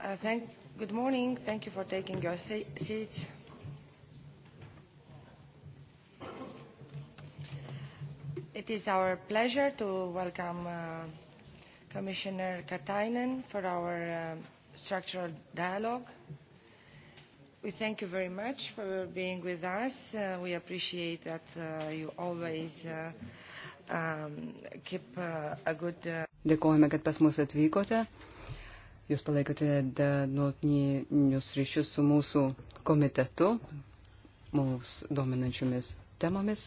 Uh, thank, good morning. Thank you for taking your seats. It is our pleasure to welcome uh, Commissioner Katainen for our um, structural dialogue. We thank you very much for being with us. Uh, we appreciate that uh, you always uh, um, keep uh, a good. Uh... Dėkojame, kad pas mus atvykote. Uh, Jūs palaikote nuotinius ryšius su mūsų komitetu, mums dominančiomis temomis.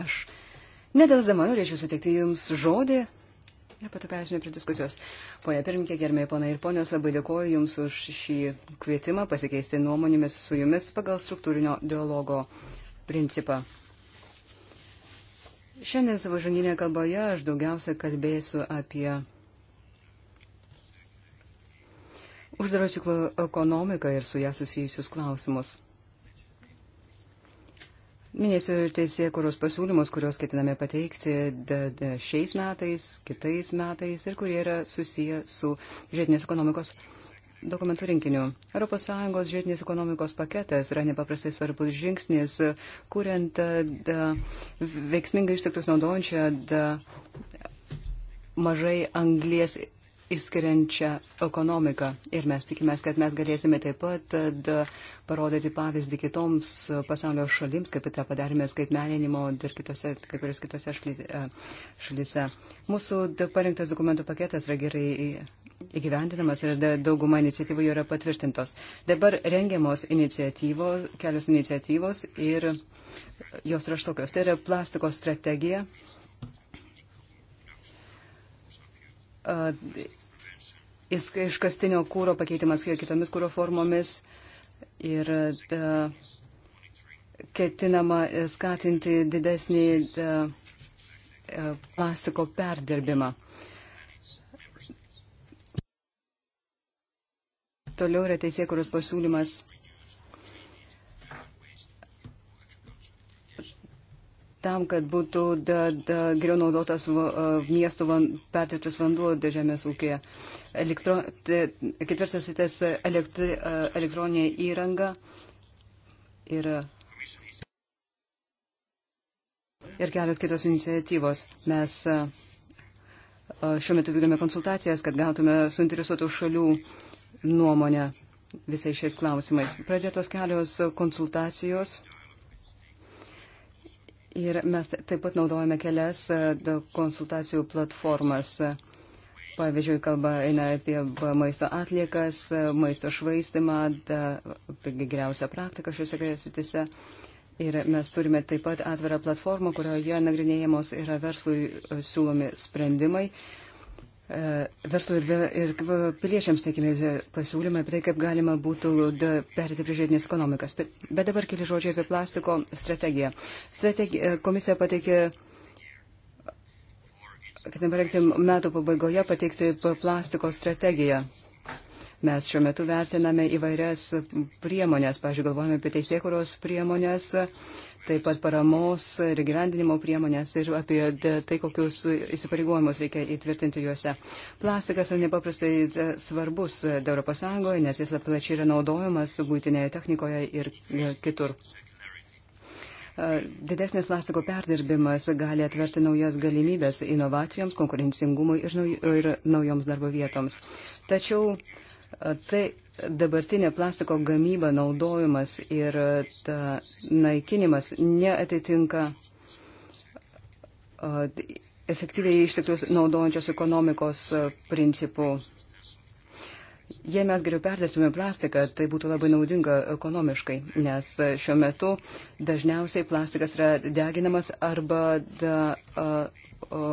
Aš nedelsdama norėčiau sutikti Jums žodį ir pato perėsime prie diskusijos. Pone pirmininkė, gerbėjai ponai ir ponios, labai dėkoju Jums už šį kvietimą pasikeisti nuomonėmis su Jumis pagal struktūrinio dialogo principą. Šiandien savo žanginėje kalboje aš daugiausia kalbėsiu apie uždaro ciklo ekonomiką ir su ją susijusius klausimus. Minėsiu ir teisėkuros pasiūlymus, kuriuos ketiname pateikti šiais metais, kitais metais ir kurie yra susiję su žiedinės ekonomikos dokumentų rinkiniu. ES žiedinės ekonomikos paketas yra nepaprastai svarbus žingsnis, kuriant da, veiksmingai išteklius naudojančią da, mažai anglies išskiriančią ekonomiką. Ir mes tikimės, kad mes galėsime taip pat parodyti pavyzdį kitoms pasaulio šalims, kaip tą padarėme skaitmeninimo ir kitose, kaip ir kitose e, šalyse. Mūsų parinktas dokumentų paketas yra gerai įgyvendinamas ir dauguma iniciatyvų jau yra patvirtintos. Dabar rengiamos iniciatyvos, kelios iniciatyvos ir jos yra štokios. Tai yra plastikos strategija iškastinio kūro pakeitimas kitomis kūro formomis ir ketinama skatinti didesnį plastiko perdirbimą. Toliau yra teisėkuros pasiūlymas tam, kad būtų da, da, geriau naudotas uh, miesto van, pertirtas vanduo žemės ūkėje. Elektro, ketvirtas rytas elektri, uh, elektroninė įranga ir, ir kelios kitos iniciatyvos. Mes uh, šiuo metu vykdome konsultacijas, kad gautume suinteresuotų šalių nuomonę visais šiais klausimais. Pradėtos kelios konsultacijos Ir mes taip pat naudojame kelias e, konsultacijų platformas. Pavyzdžiui, kalba eina apie maisto atliekas, e, maisto švaistimą, apie geriausią praktiką šiuose sutise. Ir mes turime taip pat atvirą platformą, kurioje nagrinėjamos yra verslui e, siūlomi sprendimai. Uh, E, verslo ir, ir piliečiams teikimi pasiūlymai apie tai, kaip galima būtų perėti prie žiedinės ekonomikas. Bet dabar keli žodžiai apie plastiko strategiją. Strategi e, komisija pateikė kad nepareikti metų pabaigoje pateikti plastiko strategiją. Mes šiuo metu vertiname įvairias priemonės, pažiūrėjau, galvojame apie teisėkuros priemonės, taip pat paramos ir gyvendinimo priemonės ir apie tai, kokius įsipareigojimus reikia įtvirtinti juose. Plastikas yra nepaprastai e, svarbus ES, nes jis plačiai yra naudojamas būtinėje technikoje ir e, kitur. E, didesnis plastiko perdirbimas gali atverti naujas galimybės inovacijoms, konkurencingumui ir, nauj, ir naujoms darbo vietoms. Tačiau Tai dabartinė plastiko gamyba, naudojimas ir naikinimas neatitinka efektyviai išteklius naudojančios ekonomikos principų. Jei mes geriau perdėtume plastiką, tai būtų labai naudinga ekonomiškai, nes šiuo metu dažniausiai plastikas yra deginamas arba da, a, a,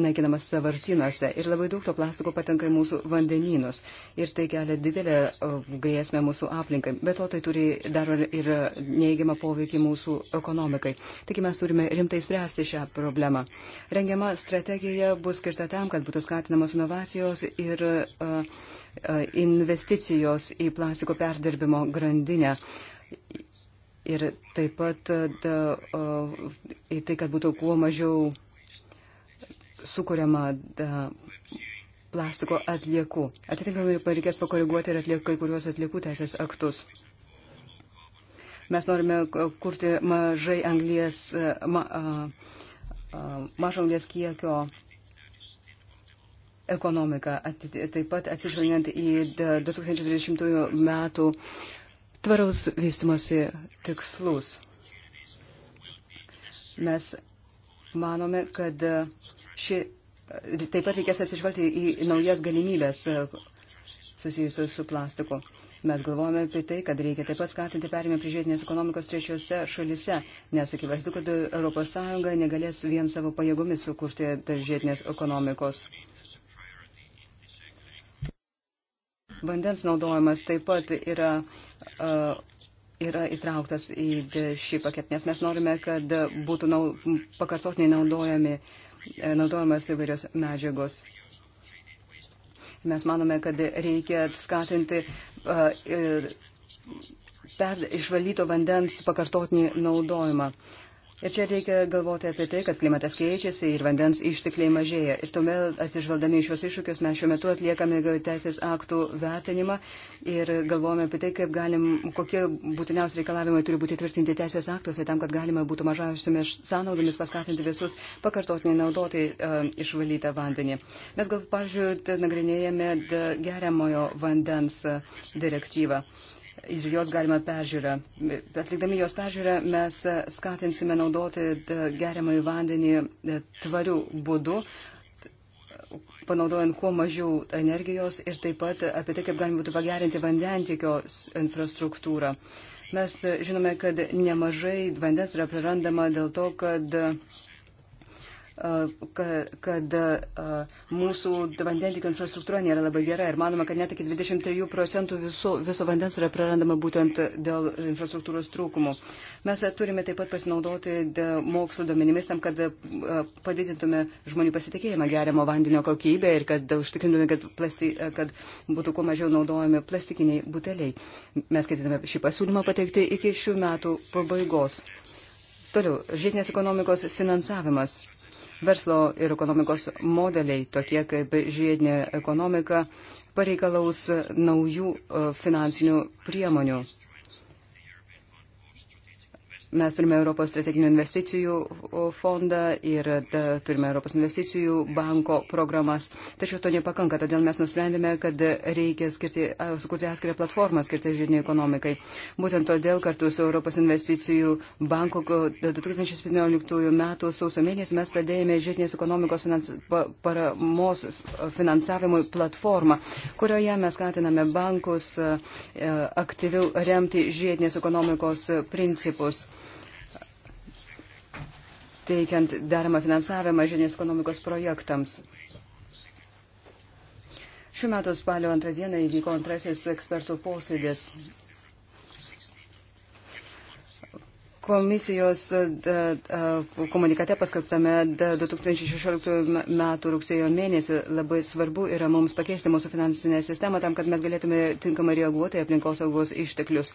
naikinamas savartinuose ir labai daug to plastiko patenka į mūsų vandenynus ir tai kelia didelę grėsmę mūsų aplinkai. Be to tai turi daro ir neįgiamą poveikį mūsų ekonomikai. Taigi mes turime rimtai spręsti šią problemą. Rengiama strategija bus skirta tam, kad būtų skatinamos inovacijos ir uh, investicijos į plastiko perdirbimo grandinę. Ir taip pat uh, į tai, kad būtų kuo mažiau sukuriama da, plastiko atliekų. Atitinkamai reikės pakoreguoti ir atliek, kai kuriuos atliekų teisės aktus. Mes norime e, kurti mažai anglies, e, ma, a, a, mažo anglies kiekio ekonomiką, taip pat atsižvelgiant į 2030 metų tvaraus vystimosi tikslus. Mes manome, kad Ši, taip pat reikės atsižvelgti į naujas galimybės e, susijusios su plastiku. Mes galvojame apie tai, kad reikia taip pat skatinti perimę prie žiedinės ekonomikos trečiose šalise, nes akivaizdu, kad ES negalės vien savo pajėgomis sukurti žiedinės ekonomikos. Vandens naudojimas taip pat yra, e, yra įtrauktas į šį paketą, nes mes norime, kad būtų nau, pakartotiniai naudojami uh, E, naudojamas įvairios medžiagos. Mes manome, kad reikia skatinti e, e, per išvalyto vandens pakartotinį naudojimą. Ir čia reikia galvoti apie tai, kad klimatas keičiasi ir vandens ištekliai mažėja. Ir tuomet atsižvaldami į šios iššūkius mes šiuo metu atliekame teisės aktų vertinimą ir galvojame apie tai, kaip galim, kokie būtiniausi reikalavimai turi būti tvirtinti teisės aktuose tam, kad galima būtų mažausiomis sąnaudomis paskatinti visus pakartotinai naudoti uh, išvalytą vandenį. Mes gal, pavyzdžiui, nagrinėjame geriamojo vandens e, direktyvą. Uh, ir jos galima peržiūrą. Atlikdami jos peržiūrą mes skatinsime naudoti geriamą į vandenį e, tvarių būdų, panaudojant kuo mažiau energijos ir taip pat apie tai, kaip galima būtų pagerinti vandentikio infrastruktūrą. Mes e, žinome, kad nemažai vandens yra prarandama dėl to, kad kad mūsų vandentikio infrastruktūra nėra labai gera ir manoma, kad net iki 23 procentų viso, viso vandens yra prarandama būtent dėl infrastruktūros trūkumų. Mes turime taip pat pasinaudoti mokslo duomenimis tam, kad padidintume žmonių pasitikėjimą geriamo vandenio kokybę ir kad užtikrintume, kad, plasti, kad būtų kuo mažiau naudojami plastikiniai buteliai. Mes ketiname šį pasiūlymą pateikti iki šių metų pabaigos. Toliau, žiedinės ekonomikos finansavimas. Verslo ir ekonomikos modeliai, tokie kaip žiedinė ekonomika, pareikalaus naujų e, finansinių priemonių. Mes turime Europos strateginių investicijų fondą ir da, turime Europos investicijų banko programas. Tačiau to nepakanka, todėl mes nusprendėme, kad reikia skirti, sukurti atskirą platformą skirtą žiniai ekonomikai. Būtent todėl kartu su Europos investicijų banko 2017 m. sausio mėnesį mes pradėjome žiedinės ekonomikos finans, paramos finansavimui platformą, kurioje mes skatiname bankus aktyviau remti žiedinės ekonomikos principus teikiant deramą finansavimą žinės ekonomikos projektams. Šiuo metu spalio antrą dieną įvyko antrasis ekspertų posėdis. Komisijos komunikate paskelbtame 2016 metų rugsėjo mėnesį labai svarbu yra mums pakeisti mūsų finansinę sistemą tam, kad mes galėtume tinkamai reaguoti aplinkosaugos išteklius.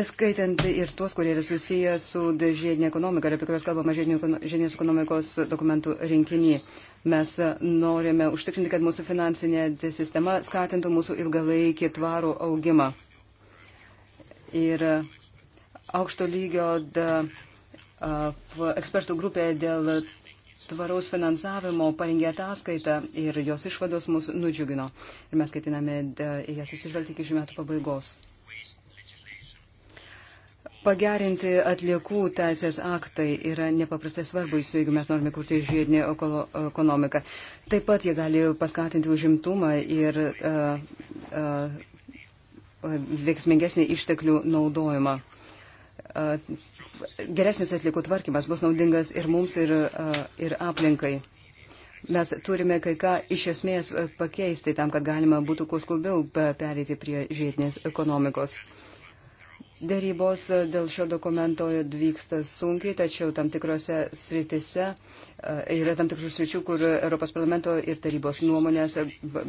Įskaitant ir tuos, kurie yra susiję su žiedinė ekonomika, apie kurios kalbama žiedinės ekonomikos dokumentų rinkinį. Mes norime užtikrinti, kad mūsų finansinė sistema skatintų mūsų ilgalaikį tvarų augimą. Ir aukšto lygio da, ekspertų grupė dėl tvaraus finansavimo parengė ataskaitą ir jos išvados mus nudžiugino. Ir mes ketiname į jas įsižvelgti iki šių metų pabaigos. Pagerinti atliekų teisės aktai yra nepaprastai svarbus, jeigu mes norime kurti žiedinį ekonomiką. Taip pat jie gali paskatinti užimtumą ir uh, uh, veiksmingesnį išteklių naudojimą. Uh, geresnis atliekų tvarkymas bus naudingas ir mums, ir, uh, ir aplinkai. Mes turime kai ką iš esmės pakeisti tam, kad galima būtų kuo skubiau perėti prie žiedinės ekonomikos. Uh, Dėrybos dėl šio dokumento vyksta sunkiai, tačiau tam tikrose sritise e, yra tam tikrų sričių, kur Europos parlamento ir tarybos nuomonės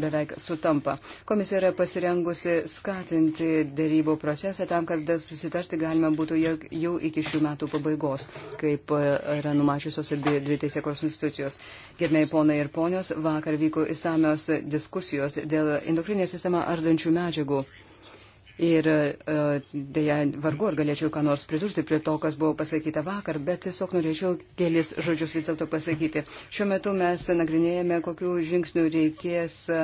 beveik sutampa. Komisija yra pasirengusi skatinti dėrybų procesą tam, kad susitarti galima būtų jau iki šių metų pabaigos, kaip yra numačiusios abi dvi teisėkos institucijos. Gerbėjai ponai ir ponios, vakar vyko įsamios diskusijos dėl endokrinės sistemą ardančių medžiagų. Ir e, dėja, vargu ar galėčiau ką nors pridurti prie to, kas buvo pasakyta vakar, bet tiesiog norėčiau kelis žodžius vis dėlto pasakyti. Šiuo metu mes nagrinėjame, kokiu žingsniu reikės e,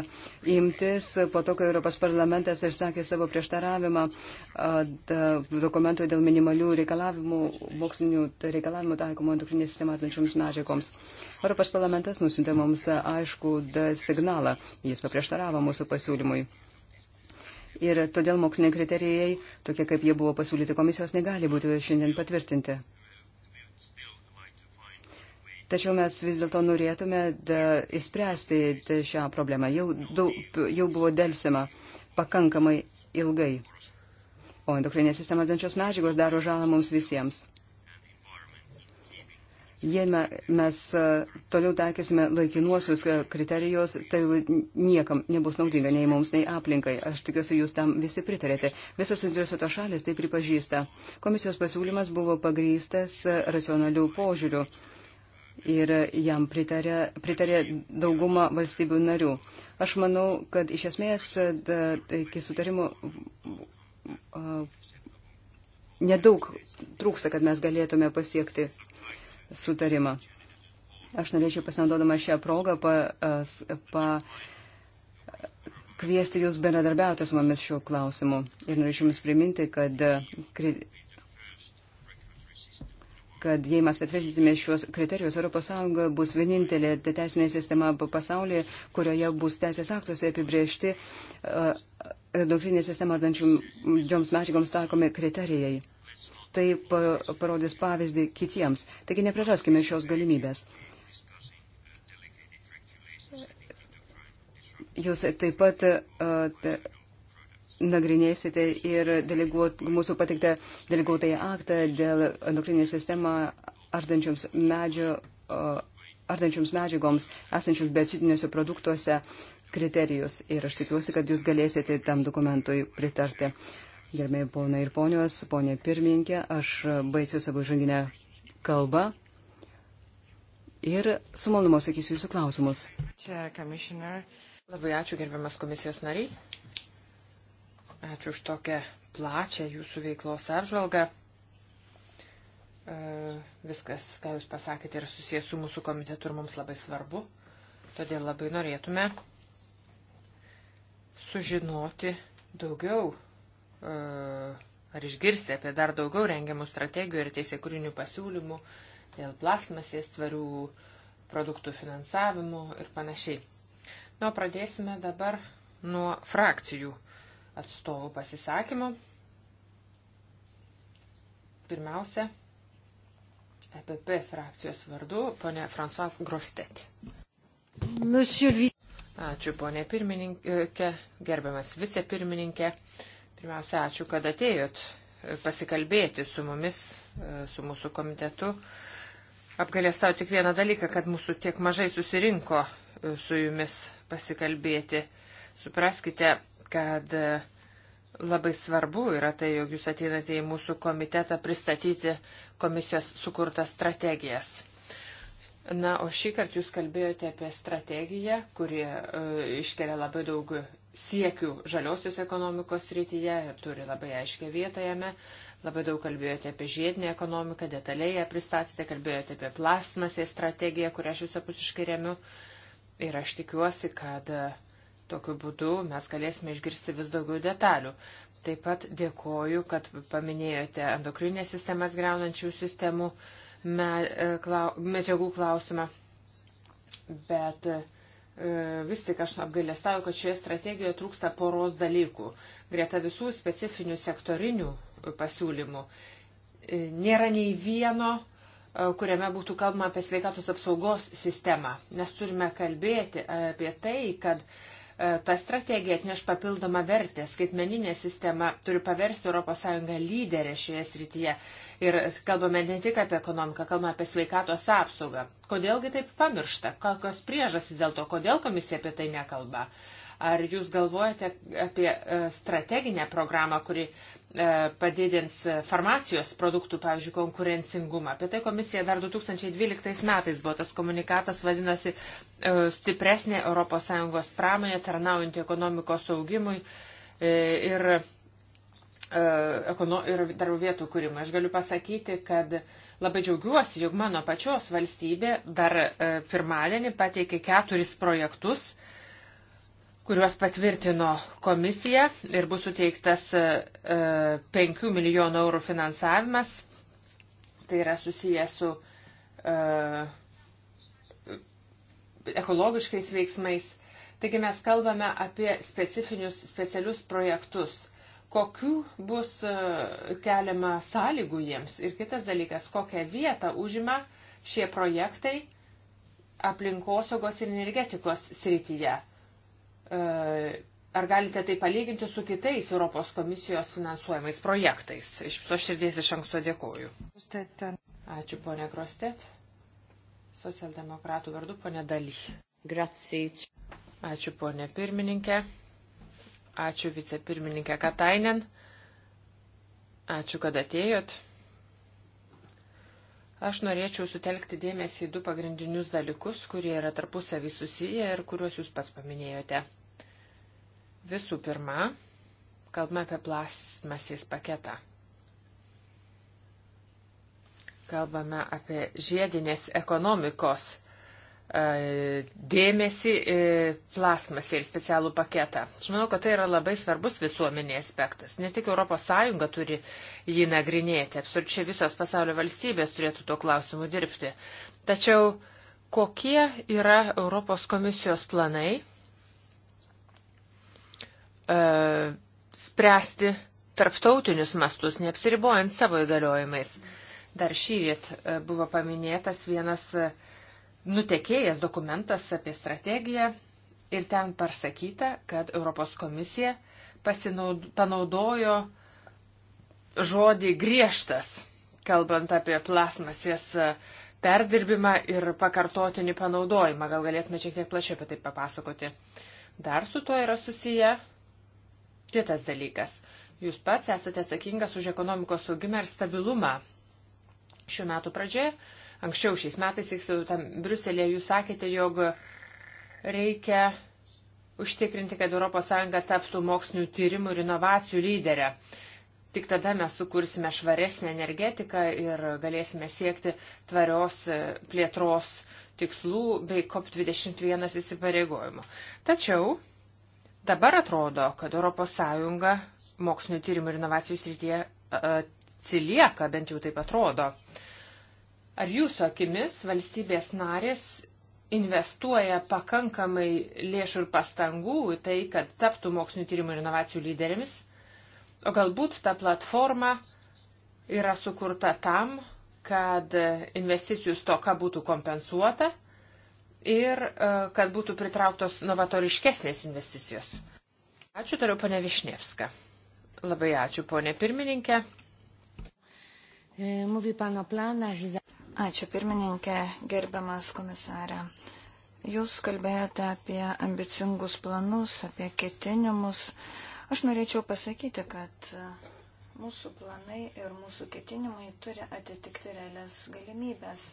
imtis po to, kai Europos parlamentas išsakė savo prieštaravimą e, dokumentui dėl minimalių reikalavimų, mokslinių reikalavimų taikomų endokrinės sistematinčioms medžiagoms. Europos parlamentas nusintė mums aišku signalą, jis paprieštaravo mūsų pasiūlymui ir todėl moksliniai kriterijai, tokie kaip jie buvo pasiūlyti komisijos, negali būti šiandien patvirtinti. Tačiau mes vis dėlto norėtume įspręsti šią problemą. Jau, daug, jau buvo dėlsima pakankamai ilgai. O endokrinė sistema dančios medžiagos daro žalą mums visiems. Jei mes e, toliau taikysime laikinuosius e, kriterijus, tai niekam nebus naudinga nei mums, nei aplinkai. Aš tikiuosi, jūs tam visi pritarėte. Visos interesuotos šalis tai pripažįsta. Komisijos pasiūlymas buvo pagrystas e, racionalių požiūrių ir jam pritarė, pritarė dauguma valstybių narių. Aš manau, kad iš esmės da, iki sutarimo nedaug trūksta, kad mes galėtume pasiekti sutarimą. Aš norėčiau pasinaudodama šią progą pakviesti pa, jūs bendradarbiauti su mumis šiuo klausimu. Ir norėčiau jums priminti, kad, e, kad jei mes patvirtinsime šios kriterijus, ES bus vienintelė teisinė sistema pasaulyje, kurioje bus teisės aktuose apibriežti uh, e, e, doktrinė sistema ardančioms medžiagoms taikomi kriterijai tai parodys pavyzdį kitiems. Taigi nepraraskime šios galimybės. Jūs taip pat uh, nagrinėsite ir deleguot, mūsų patiktą deleguotąją aktą dėl endokrininę sistemą ardančioms, medžio, ardančioms medžiagoms esančioms bečiutiniuose produktuose kriterijus. Ir aš tikiuosi, kad jūs galėsite tam dokumentui pritarti. Gerbėjai ponai ir ponios, ponė pirmininkė, aš baisiu savo žanginę kalbą ir su malonumu sakysiu jūsų klausimus. Čia, komisioner, labai ačiū gerbiamas komisijos nariai. Ačiū už tokią plačią jūsų veiklos apžvalgą e, viskas, ką Jūs pasakėte, yra susijęs su mūsų komitetu ir mums labai svarbu. Todėl labai norėtume sužinoti daugiau ar išgirsti apie dar daugiau rengiamų strategijų ir teisėkūrinių pasiūlymų dėl plasmasės tvarių produktų finansavimų ir panašiai. Nu, pradėsime dabar nuo frakcijų atstovų pasisakymų. Pirmiausia, EPP frakcijos vardu, ponė Fransuas Grostet. Ačiū, ponė pirmininkė, gerbiamas vicepirmininkė. pirmininkė Pirmiausia, ačiū, kad atėjot e, pasikalbėti su mumis, e, su mūsų komitetu. Apgalėstau tik vieną dalyką, kad mūsų tiek mažai susirinko e, su jumis pasikalbėti. Supraskite, kad labai svarbu yra tai, jog jūs ateinate į mūsų komitetą pristatyti komisijos sukurtas strategijas. Na, o šį kartą jūs kalbėjote apie strategiją, kuri e, iškelia labai daug siekių žaliosios ekonomikos srityje ir turi labai aiškę vietą jame. Labai daug kalbėjote apie žiedinę ekonomiką, detaliai ją pristatėte, kalbėjote apie plasmasę strategiją, kurią aš visapusiškai remiu. Ir aš tikiuosi, kad e, tokiu būdu mes galėsime išgirsti vis daugiau detalių. Taip pat dėkoju, kad paminėjote endokrinės sistemas greunančių sistemų e, medžiagų klausimą. Bet uh, E, vis tik aš apgailestauju, kad šioje strategijoje trūksta poros dalykų. Greta visų specifinių sektorinių pasiūlymų e, nėra nei vieno, e, kuriame būtų kalbama apie sveikatos apsaugos sistemą. Mes turime kalbėti apie tai, kad uh, E, ta strategija atneš papildomą vertę. Skaitmeninė sistema turi paversti ES lyderę šioje srityje. Ir kalbame ne tik apie ekonomiką, kalbame apie sveikatos apsaugą. Kodėlgi taip pamiršta? Kokios priežasys dėl to? Kodėl komisija apie tai nekalba? Uh, Ar jūs galvojate apie e, strateginę programą, kuri e, padidins e, farmacijos produktų, pavyzdžiui, konkurencingumą. Apie tai komisija dar 2012 metais buvo tas komunikatas, vadinosi stipresnė ES pramonė, tarnaujantį ekonomikos augimui ir, ir darbo vietų kūrimą. Aš galiu pasakyti, kad labai džiaugiuosi, jog mano pačios valstybė dar pirmadienį pateikė keturis projektus, kuriuos patvirtino komisija ir bus suteiktas 5 e, e, milijonų eurų finansavimas. Tai yra susijęs su e, ekologiškais veiksmais. Taigi mes kalbame apie specifinius, specialius projektus kokių bus keliama sąlygų jiems. Ir kitas dalykas, kokią vietą užima šie projektai aplinkosaugos ir energetikos srityje. Ar galite tai palyginti su kitais Europos komisijos finansuojamais projektais? Iš viso širdies iš anksto dėkoju. Ačiū, ponė Krostet. Socialdemokratų vardu, ponė Daly. Gracijai. Ačiū, ponė pirmininkė. Ačiū, vicepirmininkė Katainen. Ačiū, kad atėjot. Aš norėčiau sutelkti dėmesį į du pagrindinius dalykus, kurie yra tarpusavį susiję ir kuriuos jūs pats paminėjote. Visų pirma, kalbame apie plastmasės paketą. Kalbame apie žiedinės ekonomikos e, dėmesį e, plasmasį ir specialų paketą. Aš manau, kad tai yra labai svarbus visuomenė aspektas. Ne tik ES turi jį nagrinėti, absoliučiai visos pasaulio valstybės turėtų tuo klausimu dirbti. Tačiau kokie yra Europos komisijos planai E, spręsti tarptautinius mastus, neapsiribojant savo įgaliojimais. Dar šyrit e, buvo paminėtas vienas e, nutekėjęs dokumentas apie strategiją ir ten pasakyta, kad Europos komisija pasinaud, panaudojo žodį griežtas, kalbant apie plasmasės perdirbimą ir pakartotinį panaudojimą. Gal galėtume šiek tiek plačiau apie tai papasakoti. Dar su tuo yra susiję Kitas dalykas. Jūs pats esate atsakingas už ekonomikos saugimą ir stabilumą. Šiuo metu pradžioje, anksčiau šiais metais, tiksliau, tam Bruselėje jūs sakėte, jog reikia užtikrinti, kad ES taptų mokslinių tyrimų ir inovacijų lyderę. Tik tada mes sukursime švaresnę energetiką ir galėsime siekti tvarios e, plėtros tikslų bei COP21 įsipareigojimo. Tačiau Dabar atrodo, kad ES mokslinio tyrimų ir inovacijų srityje atsilieka, bent jau taip atrodo. Ar jūsų akimis valstybės narės investuoja pakankamai lėšų ir pastangų į tai, kad taptų mokslinio tyrimų ir inovacijų lyderėmis? O galbūt ta platforma yra sukurta tam, kad investicijų stoka būtų kompensuota? ir e, kad būtų pritrauktos novatoriškesnės investicijos. Ačiū toliau, ponė Višnievska. Labai ačiū, ponė pirmininkė. E, ačiū pirmininkė, gerbiamas komisarė. Jūs kalbėjote apie ambicingus planus, apie ketinimus. Aš norėčiau pasakyti, kad e, mūsų planai ir mūsų ketinimai turi atitikti realias galimybės.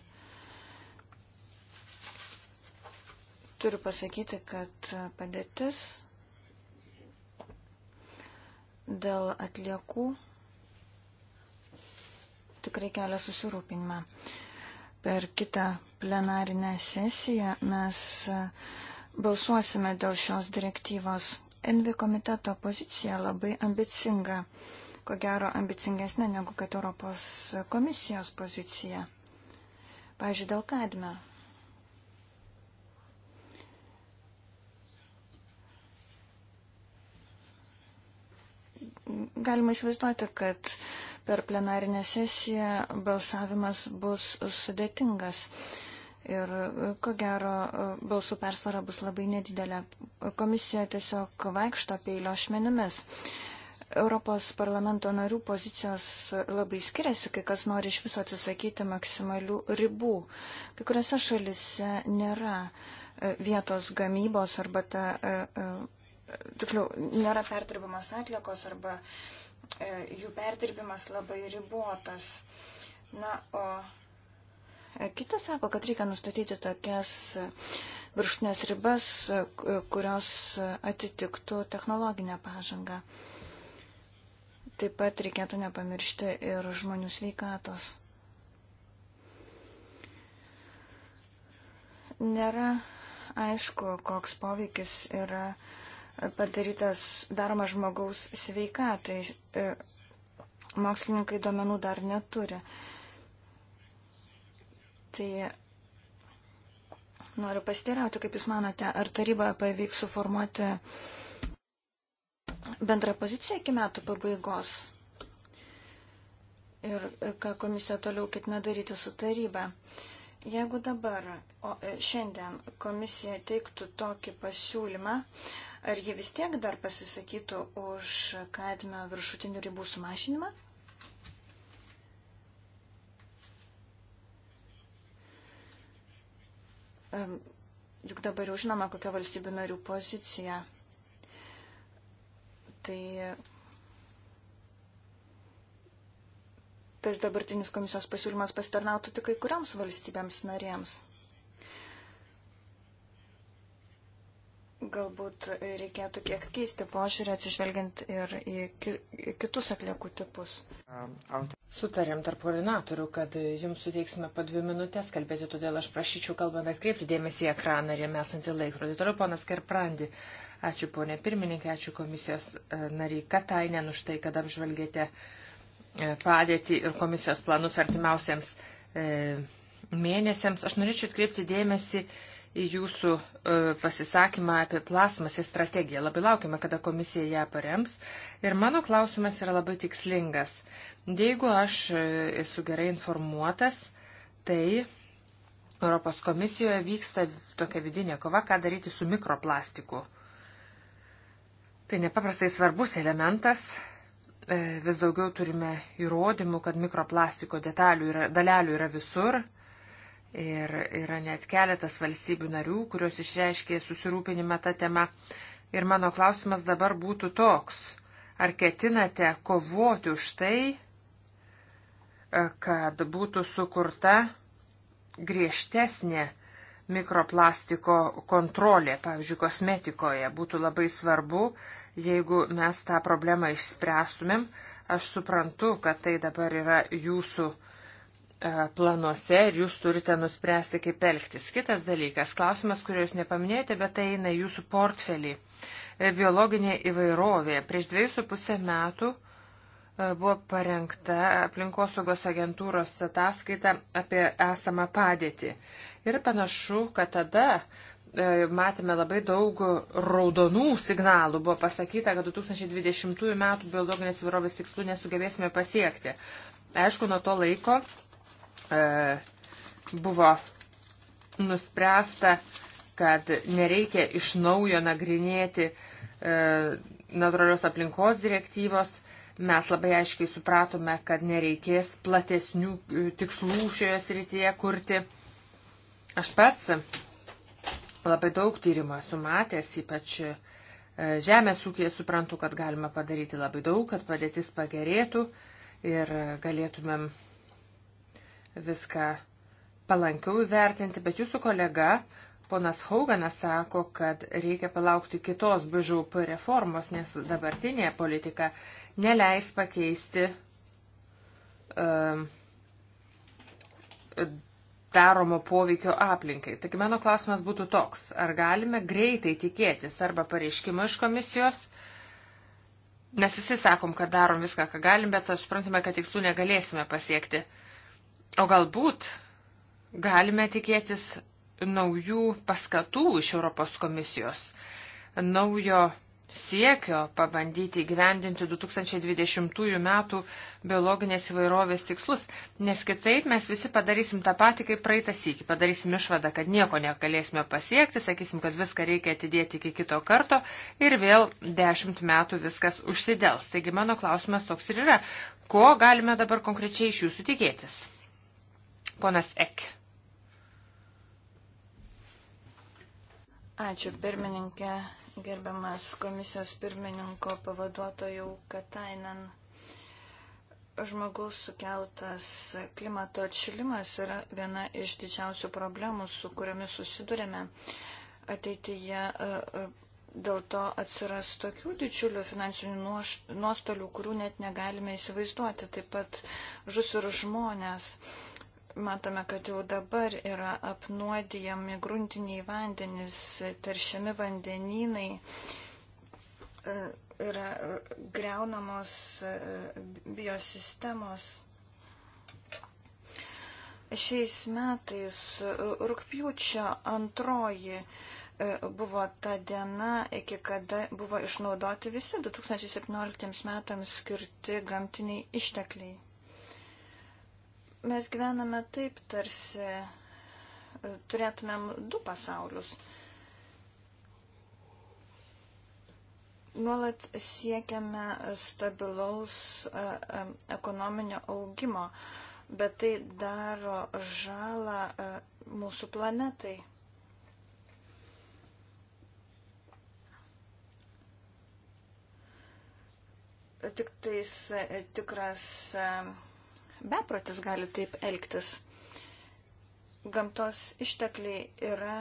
turiu pasakyti, kad padėtis dėl atliekų tikrai kelia susirūpinimą. Per kitą plenarinę sesiją mes balsuosime dėl šios direktyvos. Envi komiteto pozicija labai ambicinga, ko gero ambicingesnė negu kad Europos komisijos pozicija. Pavyzdžiui, dėl kadmio. Ka galima įsivaizduoti, kad per plenarinę sesiją balsavimas bus sudėtingas. Ir ko gero, balsų persvara bus labai nedidelė. Komisija tiesiog vaikšto peilio šmenimis. Europos parlamento narių pozicijos labai skiriasi, kai kas nori iš viso atsisakyti maksimalių ribų. Kai kuriuose šalise nėra e, vietos gamybos arba ta e, e, tiksliau, nėra perdirbamas atliekos arba e, jų perdirbimas labai ribotas. Na, o e, kiti sako, kad reikia nustatyti tokias e, viršutinės ribas, kurios atitiktų technologinę pažangą. Taip pat reikėtų nepamiršti ir žmonių sveikatos. Nėra aišku, koks poveikis yra uh, padarytas daromas žmogaus sveikatai. E, mokslininkai duomenų dar neturi. Tai noriu pasiteirauti, kaip Jūs manote, ar taryboje pavyks suformuoti bendrą poziciją iki metų pabaigos ir ką komisija toliau ketina daryti su taryba. Jeigu dabar, o šiandien komisija teiktų tokį pasiūlymą, Ar ji vis tiek dar pasisakytų už kadmio viršutinių ribų sumažinimą? Juk dabar jau žinoma, kokia valstybių narių pozicija. Tai tas dabartinis komisijos pasiūlymas pasitarnautų tik kai kurioms valstybėms narėms. Galbūt reikėtų kiek keisti požiūrį, atsižvelgiant ir į kitus atliekų tipus. Sutarėm tarp koordinatorių, kad jums suteiksime po dvi minutės kalbėti, todėl aš prašyčiau, kalbant, atkreipti dėmesį į ekraną ir jame esantį laikrodį. Toliau ponas Kerprandi. Ačiū ponė pirmininkė, ačiū komisijos e, nariai Katainen už tai, kad apžvalgėte e, padėtį ir komisijos planus artimiausiams e, mėnesiams. Aš norėčiau atkreipti dėmesį jūsų e, pasisakymą apie plasmasį strategiją. Labai laukime, kada komisija ją parems. Ir mano klausimas yra labai tikslingas. Jeigu aš e, esu gerai informuotas, tai Europos komisijoje vyksta tokia vidinė kova, ką daryti su mikroplastiku. Tai nepaprastai svarbus elementas. E, vis daugiau turime įrodymų, kad mikroplastiko detalių yra, dalelių yra visur Ir yra net keletas valstybių narių, kurios išreiškė susirūpinimą tą temą. Ir mano klausimas dabar būtų toks. Ar ketinate kovoti už tai, e, kad būtų sukurta griežtesnė mikroplastiko kontrolė, pavyzdžiui, kosmetikoje. Būtų labai svarbu, jeigu mes tą problemą išspręstumėm. Aš suprantu, kad tai dabar yra jūsų uh, E, planuose ir jūs turite nuspręsti, kaip elgtis. Kitas dalykas, klausimas, kurio jūs nepaminėjote, bet tai eina jūsų portfelį. E, biologinė įvairovė. Prieš dviejus su pusę metų e, buvo parengta aplinkosaugos agentūros ataskaita apie esamą padėtį. Ir panašu, kad tada matėme labai daug raudonų signalų. Buvo pasakyta, kad 2020 metų biologinės įvairovės tikslų nesugebėsime pasiekti. Aišku, nuo to laiko E, buvo nuspręsta, kad nereikia iš naujo nagrinėti e, natūralios aplinkos direktyvos. Mes labai aiškiai supratome, kad nereikės platesnių e, tikslų šioje srityje kurti. Aš pats labai daug tyrimų esu matęs, ypač žemės ūkėje suprantu, kad galima padaryti labai daug, kad padėtis pagerėtų ir galėtumėm viską palankiau įvertinti, bet jūsų kolega ponas Hauganas sako, kad reikia palaukti kitos BŽUP reformos, nes dabartinė politika neleis pakeisti um, daromo poveikio aplinkai. Taigi mano klausimas būtų toks, ar galime greitai tikėtis arba pareiškimo iš komisijos, nes visi sakom, kad darom viską, ką galim, bet suprantame, kad tikslų negalėsime pasiekti. O galbūt galime tikėtis naujų paskatų iš Europos komisijos, naujo siekio pabandyti įgyvendinti 2020 m. biologinės įvairovės tikslus, nes kitaip mes visi padarysim tą patį kaip praeitą sykį. Padarysim išvadą, kad nieko negalėsime pasiekti, sakysim, kad viską reikia atidėti iki kito karto ir vėl dešimt metų viskas užsidels. Taigi mano klausimas toks ir yra, ko galime dabar konkrečiai iš jūsų tikėtis? Ponas Ek. Ačiū pirmininkė, gerbiamas komisijos pirmininko pavaduotojų Katainan. Žmogaus sukeltas klimato atšilimas yra viena iš didžiausių problemų, su kuriamis susidurėme. Ateityje e, e, dėl to atsiras tokių didžiulių finansinių nuostolių, kurių net negalime įsivaizduoti. Taip pat žus ir žmonės. Matome, kad jau dabar yra apnuodijami gruntiniai vandenys, teršiami vandenynai, e, yra greunamos e, biosistemos. Šiais metais rūpjūčio antroji e, buvo ta diena, iki kada buvo išnaudoti visi 2017 metams skirti gamtiniai ištekliai. Mes gyvename taip, tarsi e, turėtumėm du pasaulius. Nuolat siekiame stabilaus e, e, ekonominio augimo, bet tai daro žalą mūsų planetai. Tik tais tikras beprotis gali taip elgtis. Gamtos ištekliai yra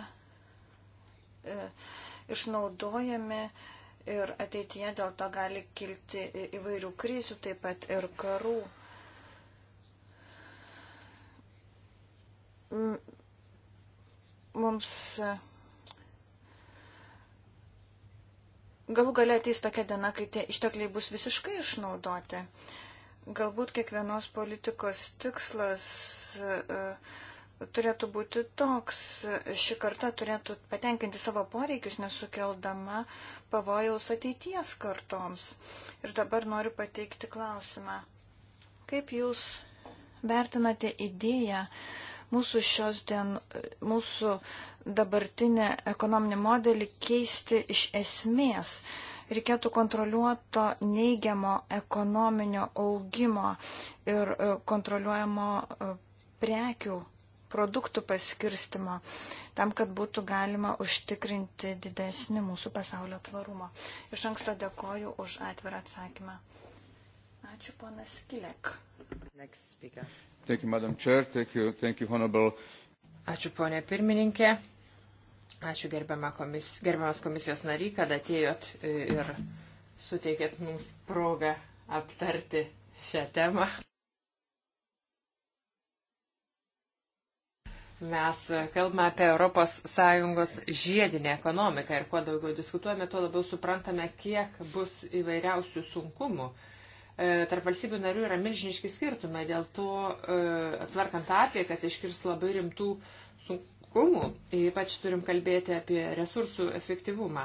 e, išnaudojami ir ateityje dėl to gali kilti įvairių krizių, taip pat ir karų. Mums e, galų galia ateis tokia diena, kai tie ištekliai bus visiškai išnaudoti. E, Galbūt kiekvienos politikos tikslas e, turėtų būti toks. Ši karta turėtų patenkinti savo poreikius, nesukeldama pavojaus ateities kartoms. Ir dabar noriu pateikti klausimą. Kaip Jūs vertinate idėją mūsų šios dien, mūsų dabartinę ekonominį modelį keisti iš esmės? Uh, reikėtų kontroliuoto neigiamo ekonominio augimo ir e, kontroliuojamo e, prekių produktų paskirstimo, tam, kad būtų galima užtikrinti didesnį mūsų pasaulio tvarumą. Iš anksto dėkoju už atvirą atsakymą. Ačiū, ponas Kilek. Thank you, Madam Chair. Thank you, thank you, Honorable. Ačiū, ponė pirmininkė. Ačiū gerbiama komis, gerbiamas komisijos nariai, kad atėjot e, ir suteikėt mums progą aptarti šią temą. Mes kalbame apie ES žiedinę ekonomiką ir kuo daugiau diskutuojame, tuo labiau suprantame, kiek bus įvairiausių sunkumų e, tarp valstybių narių yra milžiniški skirtumai, dėl to e, tvarkant atliekas iškirs labai rimtų sunkumų sunkumų, ypač turim kalbėti apie resursų efektyvumą.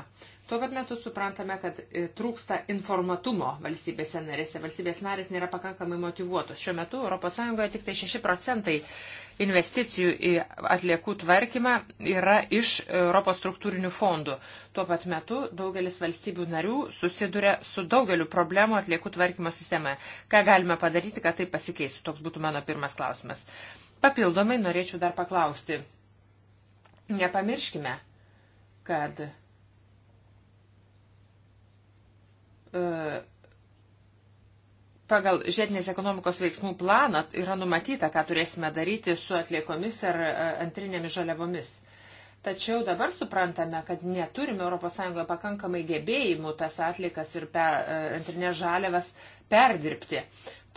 Tuo pat metu suprantame, kad e, trūksta informatumo valstybėse narėse. Valstybės narės nėra pakankamai motivuotos. Šiuo metu ES tik tai 6 procentai investicijų į atliekų tvarkymą yra iš Europos struktūrinių fondų. Tuo pat metu daugelis valstybių narių susiduria su daugeliu problemų atliekų tvarkymo sistemoje. Ką galime padaryti, kad tai pasikeistų? Toks būtų mano pirmas klausimas. Papildomai norėčiau dar paklausti. Nepamirškime, kad e, pagal žiedinės ekonomikos veiksmų planą yra numatyta, ką turėsime daryti su atliekomis ar e, antrinėmis žaliavomis. Tačiau dabar suprantame, kad neturime ES pakankamai gebėjimų tas atlikas ir per, e, antrinės žaliavas perdirbti.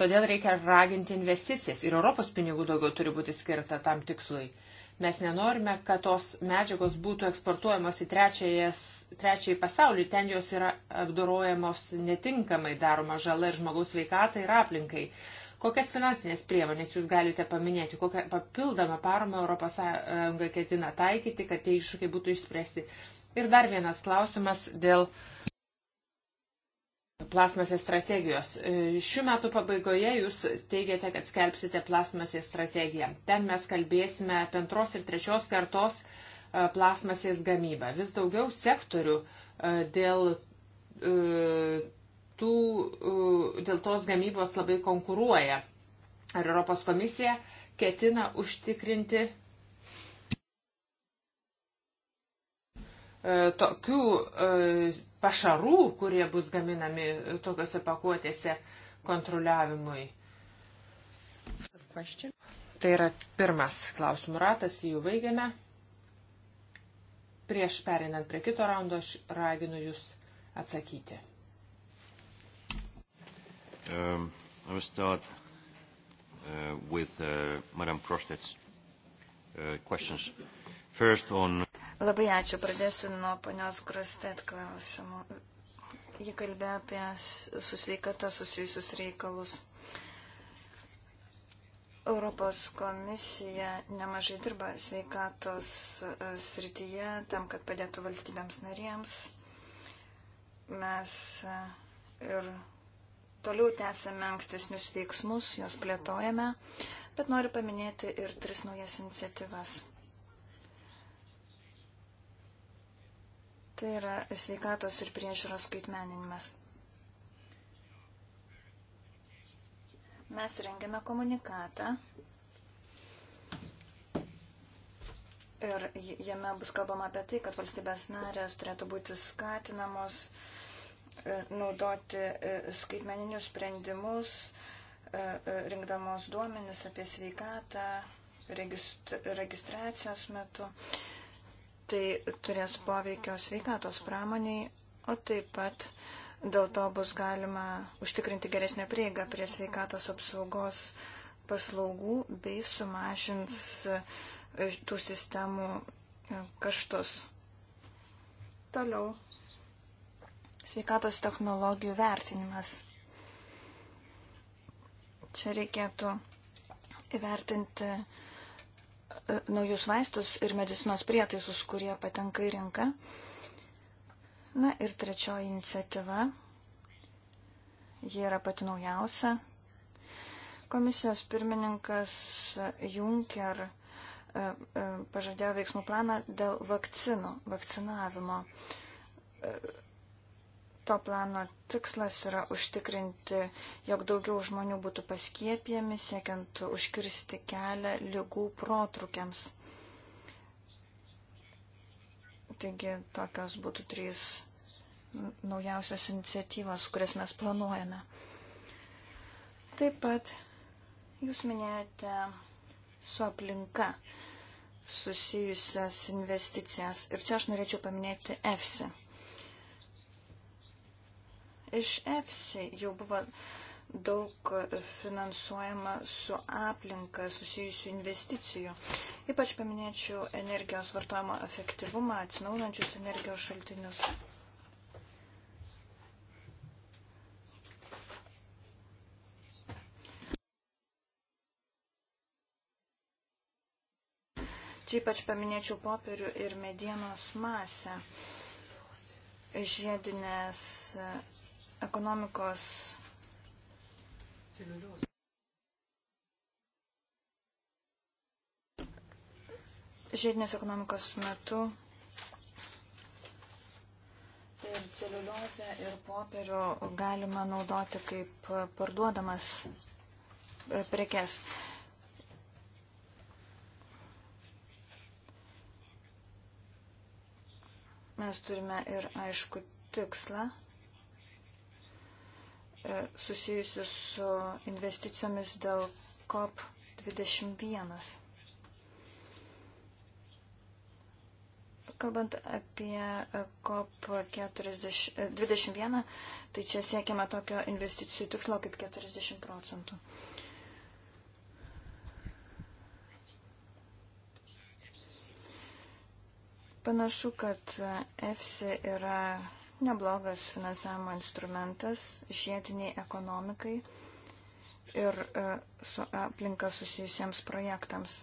Todėl reikia raginti investicijas ir Europos pinigų daugiau turi būti skirta tam tikslui. Mes nenorime, kad tos medžiagos būtų eksportuojamos į trečiąjį pasaulį. Ten jos yra apdorojamos netinkamai, daroma žala ir žmogaus veikatai ir aplinkai. Kokias finansinės priemonės jūs galite paminėti, kokią papildomą paramą ES ketina taikyti, kad tie iššūkiai būtų išspręsti? Ir dar vienas klausimas dėl plasmasės strategijos. E, šių metų pabaigoje jūs teigiate, kad skelbsite plasmasės strategiją. Ten mes kalbėsime apie antros ir trečios kartos e, plasmasės gamybą. Vis daugiau sektorių e, dėl, tų, dėl tos gamybos labai konkuruoja. Ar Europos komisija ketina užtikrinti tokių pašarų, kurie bus gaminami tokiuose pakuotėse kontroliavimui? Tai yra pirmas klausimų ratas, jų baigiame. Prieš perinant prie kito raundo, aš raginu Jūs atsakyti. Um, I will start uh, with uh, Madam Krostet's uh, questions. First on Labai ačiū. Pradėsiu nuo panios Grastet klausimų. Ji kalbėjo apie susveikatą susijusius reikalus. Europos komisija nemažai dirba sveikatos e, srityje tam, kad padėtų valstybėms narėms. Mes e, ir toliau tęsėme ankstesnius veiksmus, juos plėtojame, bet noriu paminėti ir tris naujas iniciatyvas. Tai yra sveikatos ir priežiūros skaitmeninimas. Mes rengiame komunikatą ir jame bus kalbama apie tai, kad valstybės narės turėtų būti skatinamos e, naudoti e, skaitmeninius sprendimus, e, rinkdamos duomenis apie sveikatą registracijos metu. Tai turės poveikio sveikatos pramoniai, o taip pat dėl to bus galima užtikrinti geresnę prieigą prie sveikatos apsaugos paslaugų bei sumažins e, tų sistemų e, kaštus. Toliau. Sveikatos technologijų vertinimas. Čia reikėtų įvertinti naujus vaistus ir medicinos prietaisus, kurie patenka į rinką. Na ir trečioji iniciatyva. Ji yra pati naujausia. Komisijos pirmininkas Juncker e, e, pažadėjo veiksmų planą dėl vakcinų, vakcinavimo. E, To plano tikslas yra užtikrinti, jog daugiau žmonių būtų paskiepijami, siekiant užkirsti kelią lygų protrukiams. Taigi tokios būtų trys naujausios iniciatyvos, kurias mes planuojame. Taip pat jūs minėjote su aplinka susijusias investicijas. Ir čia aš norėčiau paminėti EFSI iš EFSI jau buvo daug finansuojama su aplinka susijusių investicijų. Ypač paminėčiau energijos vartojimo efektyvumą, atsinaujančius energijos šaltinius. Čia ypač paminėčiau popierių ir medienos masę. Žiedinės ekonomikos. Žiedinės ekonomikos metu ir celiuliozę ir popierių galima naudoti kaip parduodamas prekes. Mes turime ir aišku tikslą E, susijusius su investicijomis dėl COP21. Kalbant apie e, COP21, e, tai čia siekiame tokio investicijų tikslo kaip 40 procentų. Panašu, kad EFSI yra neblogas finansavimo instrumentas žiediniai ekonomikai ir e, su aplinka susijusiems projektams.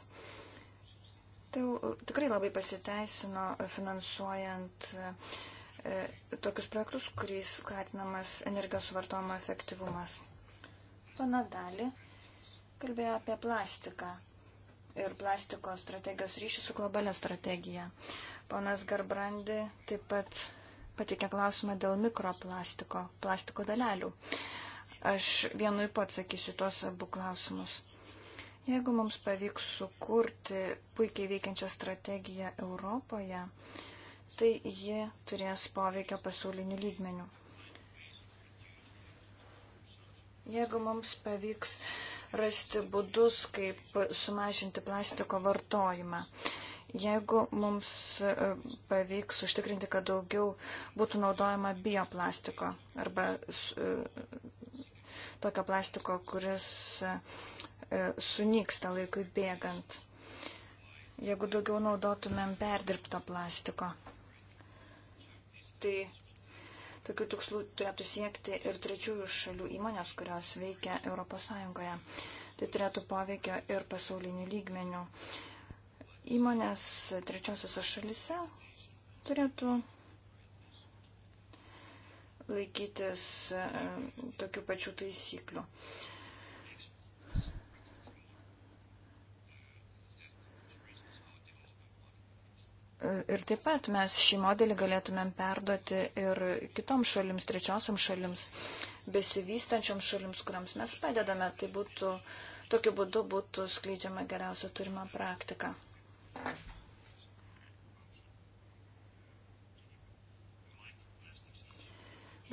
Tai tikrai labai pasiteisino finansuojant e, tokius projektus, kuriais skatinamas energijos suvartojimo efektyvumas. Pana Dali kalbėjo apie plastiką ir plastiko strategijos ryšį su globalia strategija. Ponas Garbrandi taip pat pateikė klausimą dėl mikroplastiko, plastiko dalelių. Aš vienu įpo atsakysiu tuos abu klausimus. Jeigu mums pavyks sukurti puikiai veikiančią strategiją Europoje, tai ji turės poveikio pasaulinių lygmenių. Jeigu mums pavyks rasti būdus, kaip sumažinti plastiko vartojimą, Jeigu mums e, pavyks užtikrinti, kad daugiau būtų naudojama bioplastiko arba e, tokio plastiko, kuris e, sunyksta laikui bėgant, jeigu daugiau naudotumėm perdirbto plastiko, tai tokių tikslų turėtų siekti ir trečiųjų šalių įmonės, kurios veikia ES. Tai turėtų poveikio ir pasaulinių lygmenių. Įmonės trečiosiuose šalise turėtų laikytis e, tokių pačių taisyklių. E, ir taip pat mes šį modelį galėtumėm perduoti ir kitoms šalims, trečiosioms šalims, besivystančioms šalims, kuriams mes padedame. Tai būtų, tokiu būdu būtų skleidžiama geriausia turima praktika.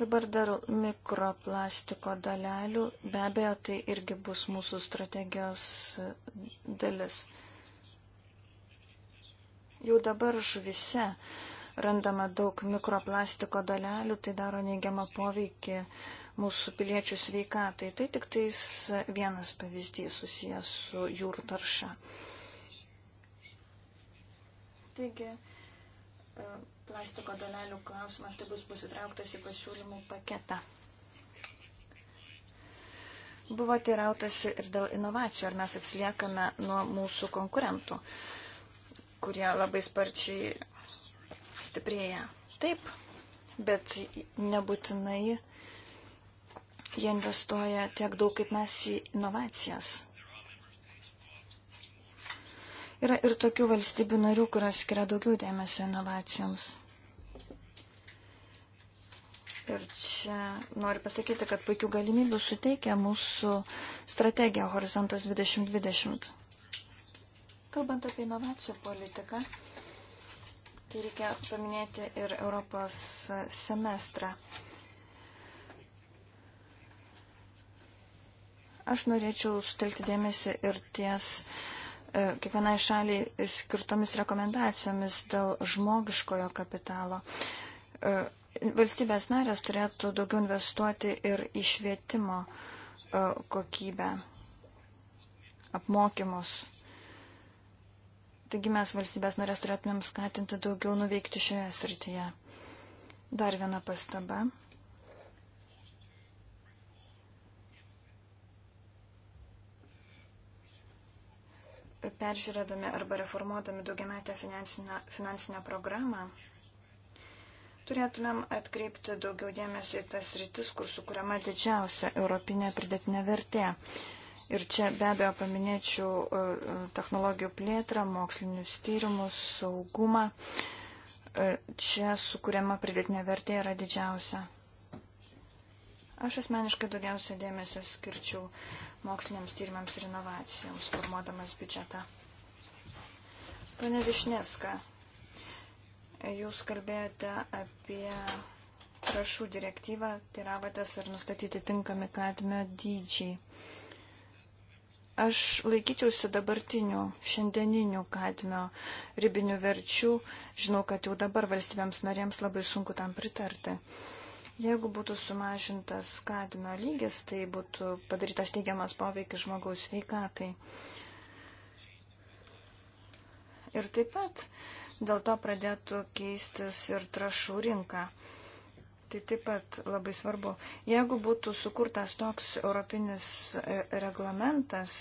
Dabar dar mikroplastiko dalelių, be abejo, tai irgi bus mūsų strategijos dalis. Jau dabar žuvise randama daug mikroplastiko dalelių, tai daro neigiamą poveikį mūsų piliečių sveikatai. Tai tik tais vienas pavyzdys susijęs su jūrų tarša. Taigi, e, plastiko dalelių klausimas tai bus bus įtrauktas į pasiūlymų paketą. Buvo teirautasi ir dėl inovacijų, ar mes atsiliekame nuo mūsų konkurentų, kurie labai sparčiai stiprėja. Taip, bet nebūtinai jie investuoja tiek daug, kaip mes į inovacijas. Yra ir tokių valstybių narių, kurios skiria daugiau dėmesio inovacijoms. Ir čia noriu pasakyti, kad puikių galimybių suteikia mūsų strategija Horizontas 2020. Kalbant apie inovacijų politiką, tai reikia paminėti ir Europos semestrą. Aš norėčiau sutelkti dėmesį ir ties uh, E, kiekvienai šaliai skirtomis rekomendacijomis dėl žmogiškojo kapitalo. E, valstybės narės turėtų daugiau investuoti ir į švietimo e, kokybę, apmokymus. Taigi mes valstybės narės turėtumėm skatinti daugiau nuveikti šioje srityje. Dar viena pastaba. peržiūrėdami arba reformuodami daugiametę finansinę, finansinę programą, turėtumėm atkreipti daugiau dėmesio į tas rytis, kur sukūriama didžiausia europinė pridėtinė vertė. Ir čia be abejo paminėčiau e, e, technologijų plėtrą, mokslinius tyrimus, saugumą. E, čia sukūriama pridėtinė vertė yra didžiausia. Aš asmeniškai daugiausia dėmesio skirčiau moksliniams tyrimams ir inovacijoms, formuodamas biudžetą. Pane Višnevska, jūs kalbėjote apie trašų direktyvą, tiravotės ir nustatyti tinkami kadmio dydžiai. Aš laikyčiausi dabartinių, šiandieninių kadmio ribinių verčių. Žinau, kad jau dabar valstybėms narėms labai sunku tam pritarti. Jeigu būtų sumažintas kadmio lygis, tai būtų padarytas teigiamas poveikis žmogaus veikatai. Ir taip pat dėl to pradėtų keistis ir trašų rinka. Tai taip pat labai svarbu. Jeigu būtų sukurtas toks europinis e, reglamentas,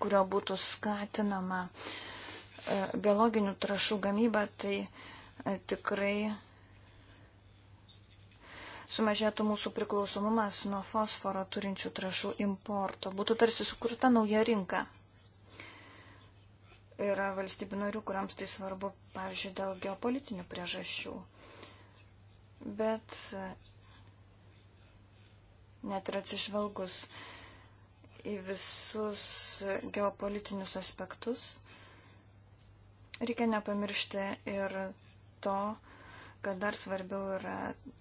kurio būtų skatinama e, biologinių trašų gamyba, tai e, tikrai sumažėtų mūsų priklausomumas nuo fosforo turinčių trašų importo. Būtų tarsi sukurta nauja rinka. Yra valstybių narių, kuriams tai svarbu, pavyzdžiui, dėl geopolitinių priežasčių. Bet net ir atsižvelgus į visus geopolitinius aspektus, reikia nepamiršti ir to, kad dar svarbiau yra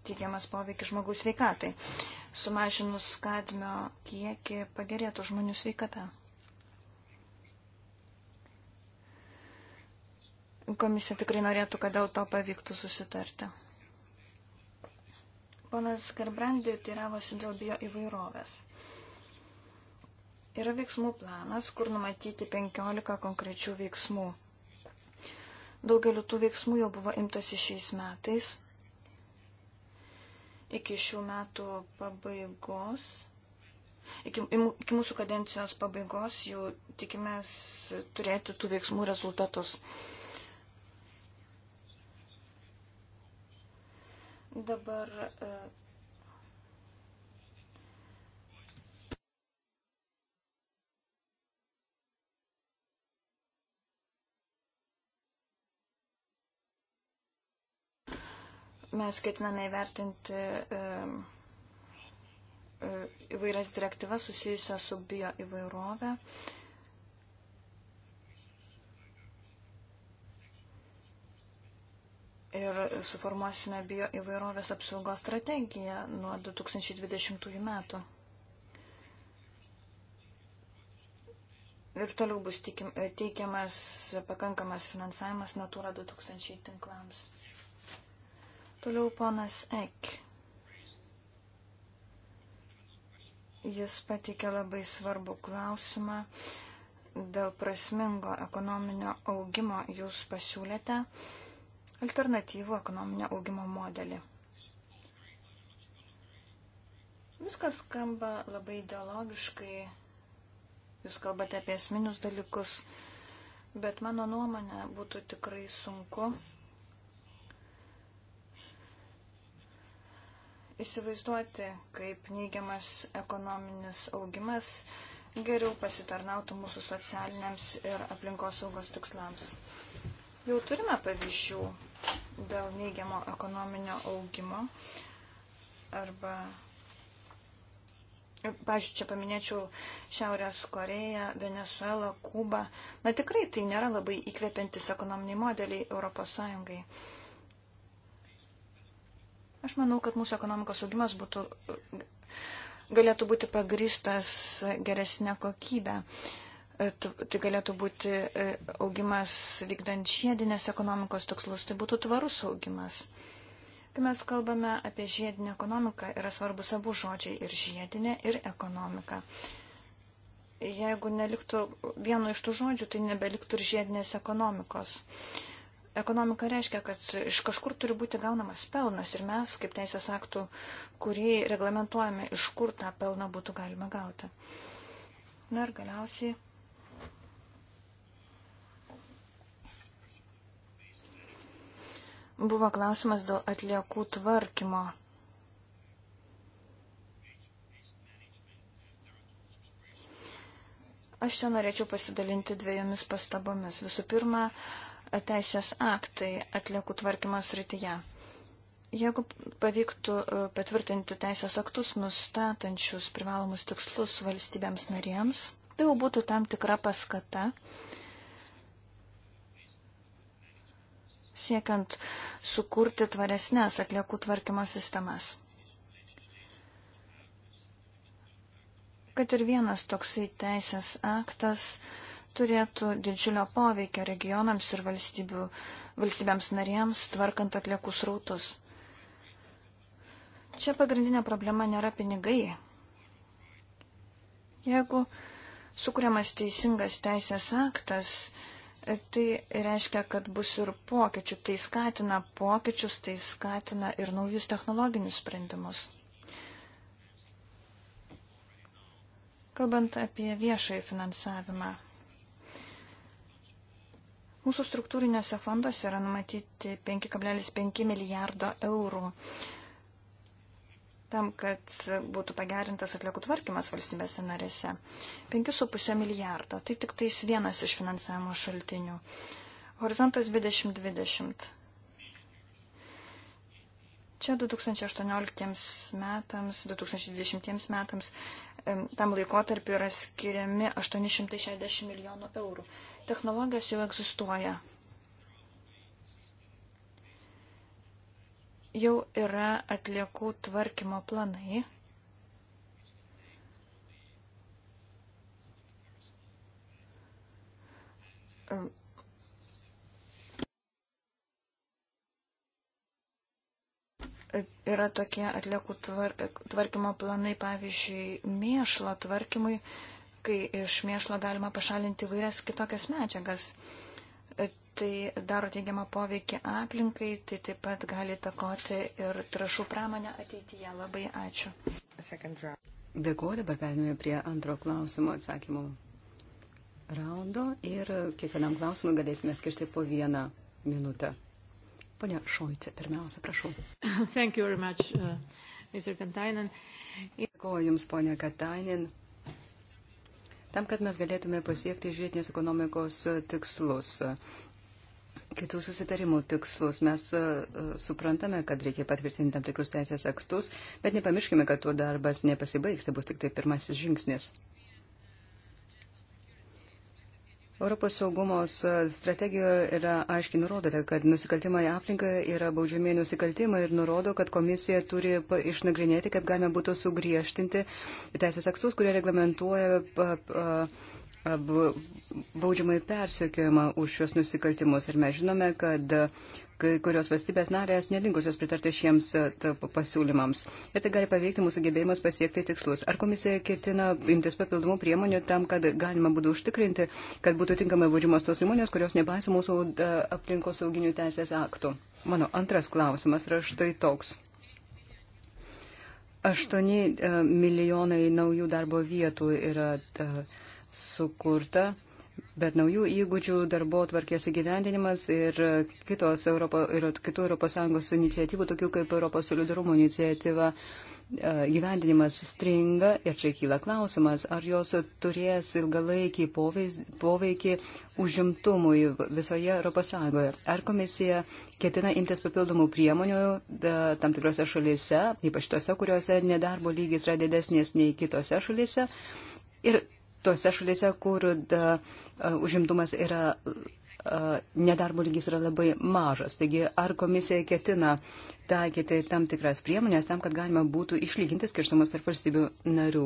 teigiamas poveikis žmogaus sveikatai. Sumažinus kadmio kiekį pagerėtų žmonių sveikata. Komisija tikrai norėtų, kad dėl to pavyktų susitarti. Ponas Karbrandi tyravosi dėl bio įvairovės. Yra veiksmų planas, kur numatyti 15 konkrečių veiksmų Daugeliu tų veiksmų jau buvo imtasi šiais metais. Iki šių metų pabaigos, iki, iki mūsų kadencijos pabaigos jau tikimės turėti tų veiksmų rezultatus. Dabar e, Mes ketiname įvertinti e, įvairias direktyvas susijusias su bio įvairovė. ir suformuosime bio įvairovės apsaugos strategiją nuo 2020 metų. Ir toliau bus e, teikiamas pakankamas finansavimas Natura 2000 tinklams. Toliau ponas Ek. Jis patikė labai svarbų klausimą dėl prasmingo ekonominio augimo. Jūs pasiūlėte alternatyvų ekonominio augimo modelį. Viskas skamba labai ideologiškai. Jūs kalbate apie esminius dalykus, bet mano nuomonė būtų tikrai sunku įsivaizduoti, kaip neigiamas ekonominis augimas geriau pasitarnautų mūsų socialiniams ir aplinkosaugos tikslams. Jau turime pavyzdžių dėl neigiamo ekonominio augimo arba Pavyzdžiui, čia paminėčiau Šiaurės Koreją, Venezuelą, Kubą. Na tikrai tai nėra labai įkvepiantis ekonominiai modeliai Europos Sąjungai. Aš manau, kad mūsų ekonomikos augimas būtų, galėtų būti pagristas geresnė kokybė. E, tai galėtų būti e, augimas vykdant žiedinės ekonomikos tikslus, tai būtų tvarus augimas. Kai mes kalbame apie žiedinę ekonomiką, yra svarbus abu žodžiai ir žiedinė, ir ekonomika. Jeigu neliktų vieno iš tų žodžių, tai nebeliktų ir žiedinės ekonomikos. Uh, ekonomika reiškia, kad iš kažkur turi būti gaunamas pelnas ir mes, kaip teisės aktų, kurį reglamentuojame, iš kur tą pelną būtų galima gauti. Na ir galiausiai. Buvo klausimas dėl atliekų tvarkymo. Aš čia norėčiau pasidalinti dviejomis pastabomis. Visų pirma, uh, teisės aktai atliekų tvarkymas rytyje. Jeigu pavyktų e, patvirtinti teisės aktus nustatančius privalomus tikslus valstybėms narėms, tai jau būtų tam tikra paskata siekiant sukurti tvaresnės atliekų tvarkymo sistemas. Kad ir vienas toksai teisės aktas uh, turėtų didžiulio poveikio regionams ir valstybėms narėms tvarkant atliekų srautus. Čia pagrindinė problema nėra pinigai. Jeigu sukūriamas teisingas teisės aktas, tai reiškia, kad bus ir pokyčių. Tai skatina pokyčius, tai skatina ir naujus technologinius sprendimus. Kalbant apie viešąjį finansavimą. Mūsų struktūriniuose fonduose yra numatyti 5,5 milijardo eurų tam, kad būtų pagerintas atliekų tvarkymas valstybėse narėse. 5,5 milijardo. Tai tik tais vienas iš finansavimo šaltinių. Horizontas 2020. Čia 2018 metams, 2020 metams, tam laikotarpiu yra skiriami 860 milijonų eurų. Technologijos jau egzistuoja. Jau yra atliekų tvarkymo planai. Um. yra tokie atliekų tvar, tvarkymo planai, pavyzdžiui, mėšlo tvarkymui, kai iš mėšlo galima pašalinti vairias kitokias medžiagas. E, tai daro teigiamą poveikį aplinkai, tai taip pat gali takoti ir trašų pramonę ateityje. Labai ačiū. Dėkuoju, dabar perėmėme prie antro klausimo atsakymų raundo ir kiekvienam klausimui galėsime skirti po vieną minutę. Pone Šoice, pirmiausia, prašau. Thank you very much, uh, Mr. Katainen. Dėkuoju Jums, ponė Katainen tam, kad mes galėtume pasiekti žiedinės ekonomikos tikslus. Kitų susitarimų tikslus mes e, suprantame, kad reikia patvirtinti tam tikrus teisės aktus, bet nepamirškime, kad tuo darbas nepasibaigs, tai bus tik tai pirmasis žingsnis. Europos saugumos strategijoje yra aiškiai nurodyta, kad nusikaltimai aplinkai yra baudžiami nusikaltimai ir nurodo, kad komisija turi išnagrinėti, kaip galima būtų sugriežtinti teisės aktus, kurie reglamentuoja baudžiamai persiekėjimą už šios nusikaltimus. Ir mes žinome, kad kai kurios valstybės narės nelinkusios pritarti šiems e, pasiūlymams. Ir tai gali paveikti mūsų gebėjimus pasiekti tikslus. Ar komisija ketina imtis papildomų priemonių tam, kad galima būtų užtikrinti, kad būtų tinkamai būdžiamos tos įmonės, kurios nepaiso mūsų e, aplinkos sauginių teisės aktų? Mano antras klausimas yra štai toks. 8 e, milijonai naujų darbo vietų yra sukurta. Bet naujų įgūdžių darbo tvarkės įgyvendinimas ir, kitos Europo, ir kitų ES iniciatyvų, tokių kaip Europos solidarumo iniciatyva, e, gyvendinimas stringa ir čia kyla klausimas, ar jos turės ilgalaikį poveikį užimtumui visoje ES. Ar komisija ketina imtis papildomų priemonių da, tam tikrose šalyse, ypač tose, kuriuose nedarbo lygis yra didesnės nei kitose šalyse. Ir tose šalyse, kur da, uh, E, užimtumas yra, e, nedarbo lygis yra labai mažas. Taigi, ar komisija ketina taikyti tam tikras priemonės tam, kad galima būtų išlyginti skirtumus tarp valstybių narių?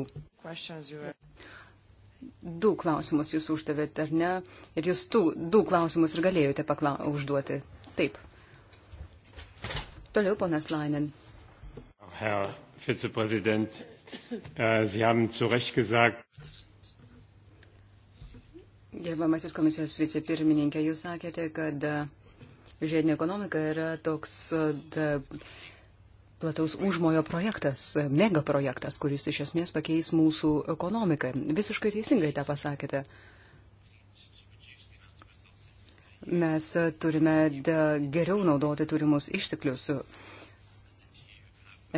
Du klausimus jūs uždavėt, ar ne? Ir jūs tų, du klausimus ir galėjote pakla... užduoti. Taip. Toliau, ponas Lainen. Herr Vizepräsident, äh, Sie haben zu Recht gesagt, Gerbamasis komisijos vicepirmininkė, jūs sakėte, kad e, žiedinė ekonomika yra toks e, da, plataus užmojo projektas, e, megaprojektas, kuris iš esmės pakeis mūsų ekonomiką. Visiškai teisingai tą pasakėte. Mes turime da, geriau naudoti turimus išteklius.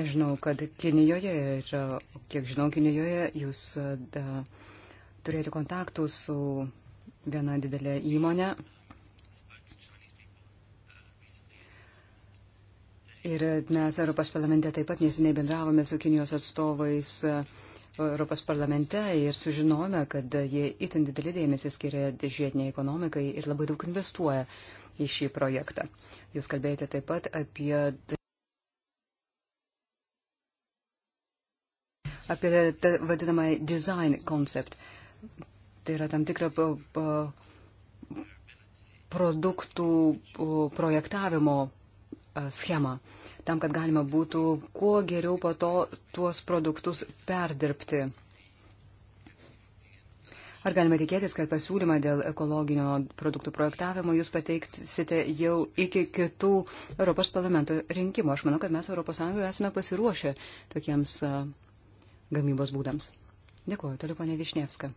Aš žinau, kad Kinijoje ir, kiek žinau, Kinijoje jūs da, turėjote kontaktų su viena didelė įmonė. Ir mes Europos parlamente taip pat nesiniai bendravome su Kinijos atstovais e, Europos parlamente ir sužinojome, kad jie itin didelį dėmesį skiria žiediniai ekonomikai ir labai daug investuoja į šį projektą. Jūs kalbėjote taip pat apie. apie tą vadinamą design concept. Tai yra tam tikra produktų projektavimo schema, tam, kad galima būtų kuo geriau po to tuos produktus perdirbti. Ar galime tikėtis, kad pasiūlymą dėl ekologinio produktų projektavimo jūs pateiksite jau iki kitų Europos parlamento rinkimų? Aš manau, kad mes ES esame pasiruošę tokiems gamybos būdams. Dėkuoju, toliau ponė Višnievska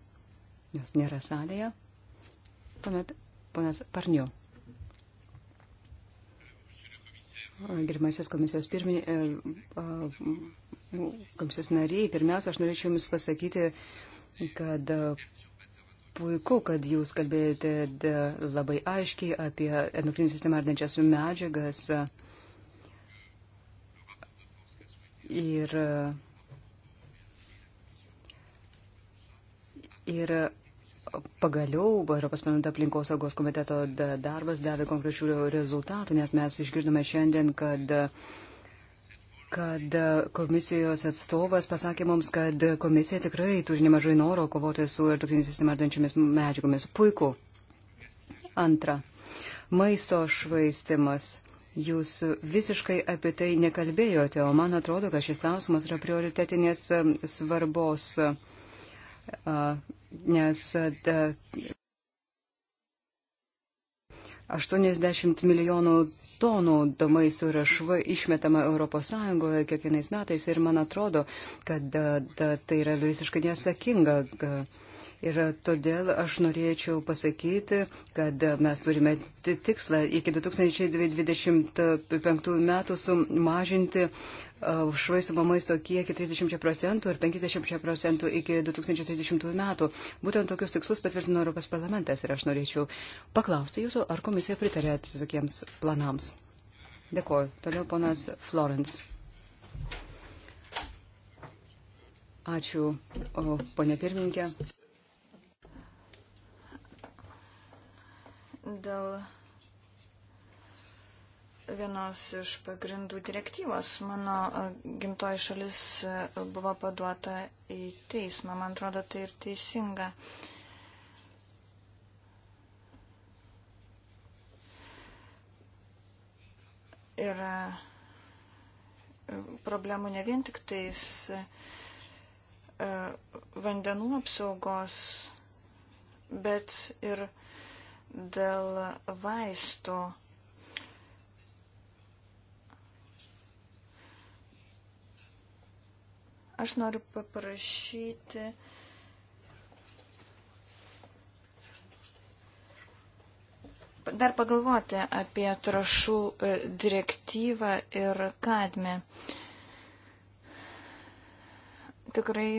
jos nėra salėje. Tuomet ponas Parniu. Gerimasis komisijos pirminiai, e, komisijos nariai, pirmiausia, aš norėčiau Jums pasakyti, kad e, puiku, kad Jūs kalbėjote labai aiškiai apie endokrininį sistemą ardančias medžiagas. Ir, ir Pagaliau Europos parlamento aplinkos saugos komiteto darbas davė konkrečių rezultatų, nes mes išgirdome šiandien, kad kad komisijos atstovas pasakė mums, kad komisija tikrai turi nemažai noro kovoti su endokrininį sistemą ardančiomis medžiagomis. Puiku. Antra. Maisto švaistimas. Jūs visiškai apie tai nekalbėjote, o man atrodo, kad šis klausimas yra prioritetinės um, svarbos. Uh, nes 80 milijonų tonų maisto yra šva, išmetama ES kiekvienais metais ir man atrodo, kad da, da, tai yra visiškai nesakinga. Da, Ir todėl aš norėčiau pasakyti, kad mes turime tikslą iki 2025 metų sumažinti švaistamo maisto kiekį 30 procentų ir 50 procentų iki 2030 metų. Būtent tokius tikslus patvirtino Europos parlamentas ir aš norėčiau paklausti jūsų, ar komisija pritarė tokiems planams. Dėkuoju. Toliau ponas Florence. Ačiū, ponė pirmininkė. dėl vienos iš pagrindų direktyvos. Mano gimtoji šalis buvo paduota į teismą. Man atrodo, tai ir teisinga. Yra problemų ne vien tik tais vandenų apsaugos, bet ir dėl vaistų. Aš noriu paprašyti dar pagalvoti apie trašų e, direktyvą ir kadmę. Tikrai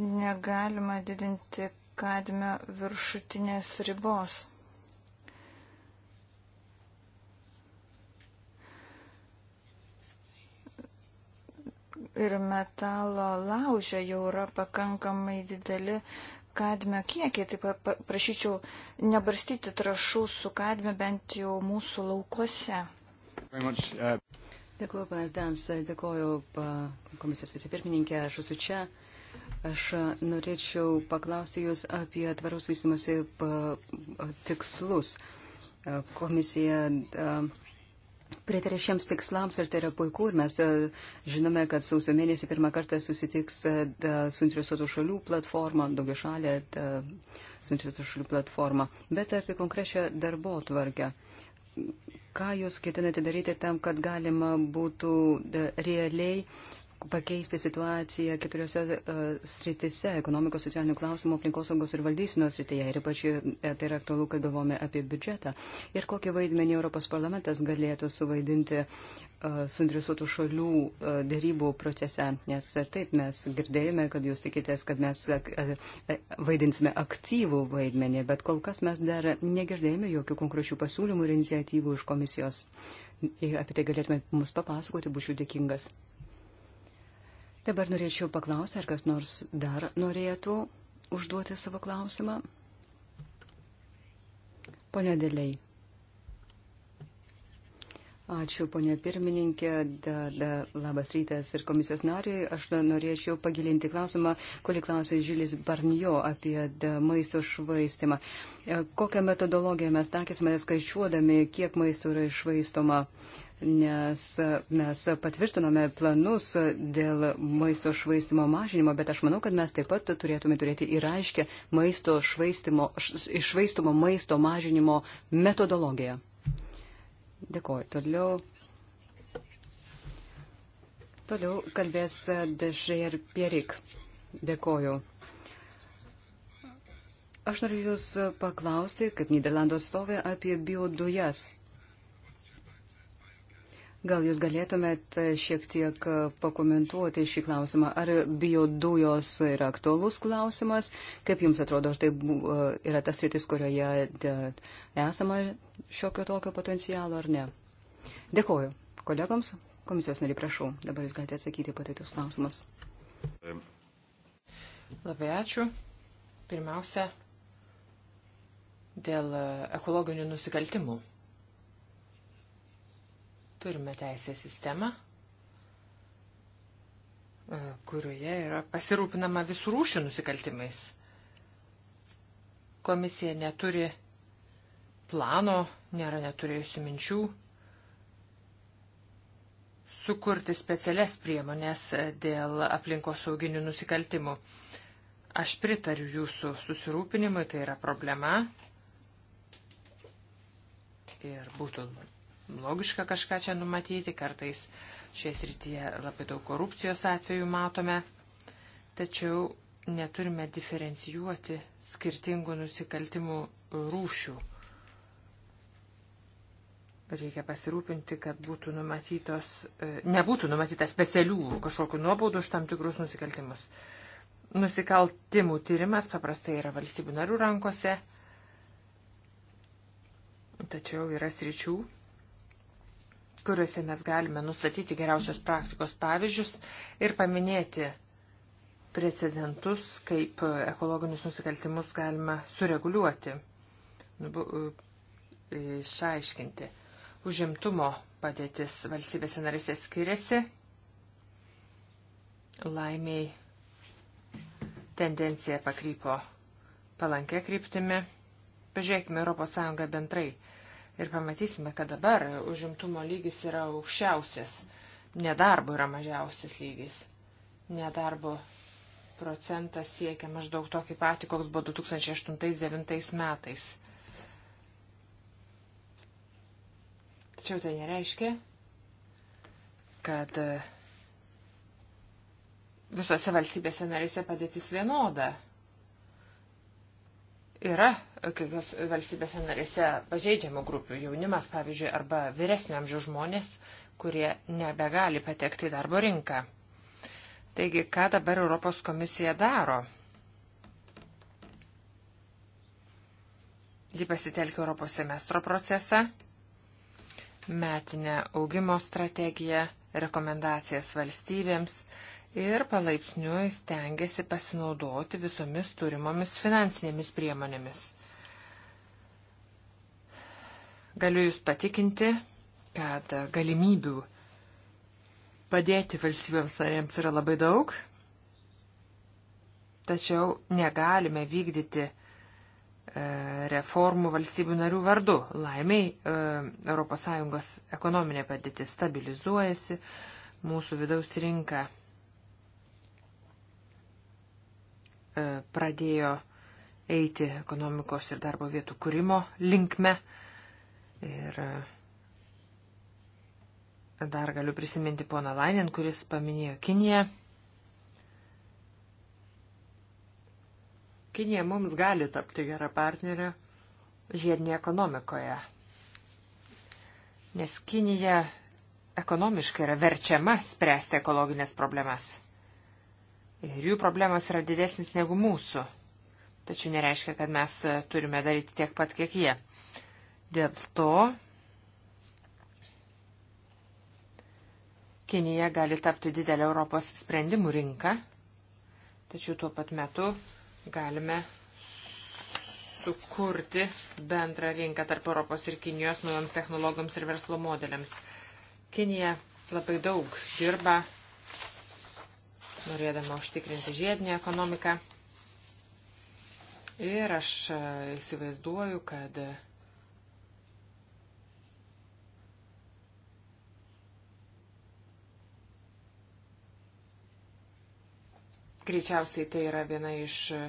negalima didinti kadmio viršutinės ribos. Ir metalo laužė jau yra pakankamai dideli kadmio kiekiai. Taip prašyčiau nebarstyti trašų su kadmio bent jau mūsų laukuose. Uh, dėkuoju, panas Dans, dėkuoju komisijos vicepirmininkė, aš esu čia. Aš norėčiau paklausti Jūs apie tvaros vystimosi tikslus. Komisija pritarė šiems tikslams ir tai yra puiku. Ir mes žinome, kad sausio mėnesį pirmą kartą susitiks suinteresuotų šalių platforma, daugia šalė suinteresuotų šalių platforma. Bet apie konkrečią darbo tvarkę. Ką jūs ketinate daryti tam, kad galima būtų realiai uh, pakeisti situaciją keturiose uh, sritise - ekonomikos, socialinių klausimų, aplinkosaugos ir valdysinos srityje. Ir ypač e, tai yra aktualu, kai galvome apie biudžetą. Ir kokį vaidmenį Europos parlamentas galėtų suvaidinti uh, suinteresuotų šalių uh, dėrybų procese. Nes taip mes girdėjome, kad jūs tikitės, kad mes vaidinsime aktyvų vaidmenį, bet kol kas mes dar negirdėjome jokių konkrečių pasiūlymų ir iniciatyvų iš komisijos. Apie tai galėtume mums papasakoti, būčiau dėkingas. Dabar norėčiau paklausti, ar kas nors dar norėtų užduoti savo klausimą. Pone Dėliai. Ačiū, ponė pirmininkė. Da, da, labas rytas ir komisijos nariui. Aš norėčiau pagilinti klausimą, kurį klausė Žilis Barnijo apie da, maisto švaistimą. E, kokią metodologiją mes takysime skaičiuodami, kiek maisto yra išvaistoma? Uh, nes mes patvirtinome planus dėl maisto švaistimo mažinimo, bet aš manau, kad mes taip pat turėtume turėti ir aiškę maisto švaistimo, išvaistumo maisto mažinimo metodologiją. Dėkuoju. Toliau. Toliau kalbės Dežer Pierik. Dėkoju. Aš noriu Jūs paklausti, kaip Niderlandų atstovė, apie biodujas. Gal jūs galėtumėt e, šiek tiek e, pakomentuoti šį klausimą. Ar biodujos yra aktuolus klausimas? Kaip jums atrodo, ar tai e, yra tas rytis, kurioje esama šiokio tokio potencialo ar ne? Dėkoju kolegoms. Komisijos nariai, prašau. Dabar jūs galite atsakyti patėtus klausimus. Labai ačiū. Pirmiausia, dėl ekologinių nusikaltimų. Turime teisės sistemą, e, kurioje yra pasirūpinama visų rūšių nusikaltimais. Komisija neturi plano, nėra neturėjusi minčių sukurti specialias priemonės e, dėl aplinkos sauginių nusikaltimų. Aš pritariu jūsų susirūpinimui, tai yra problema. Ir būtų logiška kažką čia numatyti, kartais šioje srityje labai daug korupcijos atvejų matome, tačiau neturime diferencijuoti skirtingų nusikaltimų rūšių. Reikia pasirūpinti, kad būtų numatytos, e, nebūtų numatyta specialių kažkokių nuobaudų už tam tikrus nusikaltimus. Nusikaltimų tyrimas paprastai yra valstybių narių rankose, tačiau yra sričių, kuriuose mes galime nustatyti geriausios praktikos pavyzdžius ir paminėti precedentus, kaip ekologinius nusikaltimus galima sureguliuoti, e, išaiškinti. Užimtumo padėtis valstybėse narėse skiriasi. Laimiai tendencija pakrypo palankę kryptimi. Pažiūrėkime ES bendrai ir pamatysime, kad dabar užimtumo lygis yra aukščiausias, nedarbo yra mažiausias lygis. Nedarbo procentas siekia maždaug tokį patį, koks buvo 2008-2009 metais. Tačiau tai nereiškia, kad e, visose valstybėse narėse padėtis vienoda yra kiekvienos valstybėse narėse pažeidžiamų grupių jaunimas, pavyzdžiui, arba vyresnio amžiaus žmonės, kurie nebegali patekti į darbo rinką. Taigi, ką dabar Europos komisija daro? Ji pasitelkia Europos semestro procesą, metinę augimo strategiją, rekomendacijas valstybėms, ir palaipsniui stengiasi pasinaudoti visomis turimomis finansinėmis priemonėmis. Galiu Jūs patikinti, kad galimybių padėti valstybėms narėms yra labai daug, tačiau negalime vykdyti e, reformų valstybių narių vardu. Laimiai ES ekonominė padėtis stabilizuojasi, mūsų vidaus rinka E, pradėjo eiti ekonomikos ir darbo vietų kūrimo linkme. Ir e, dar galiu prisiminti poną Lainin, kuris paminėjo Kiniją. Kinija mums gali tapti gerą partnerę žiedinėje ekonomikoje, nes Kinija ekonomiškai yra verčiama spręsti ekologinės problemas ir jų problemos yra didesnis negu mūsų. Tačiau nereiškia, kad mes e, turime daryti tiek pat, kiek jie. Dėl to Kinija gali tapti didelę Europos sprendimų rinką, tačiau tuo pat metu galime sukurti bendrą rinką tarp Europos ir Kinijos naujoms technologijoms ir verslo modeliams. Kinija labai daug dirba norėdama užtikrinti žiedinę ekonomiką. Ir aš e, įsivaizduoju, kad e, greičiausiai tai yra viena iš e,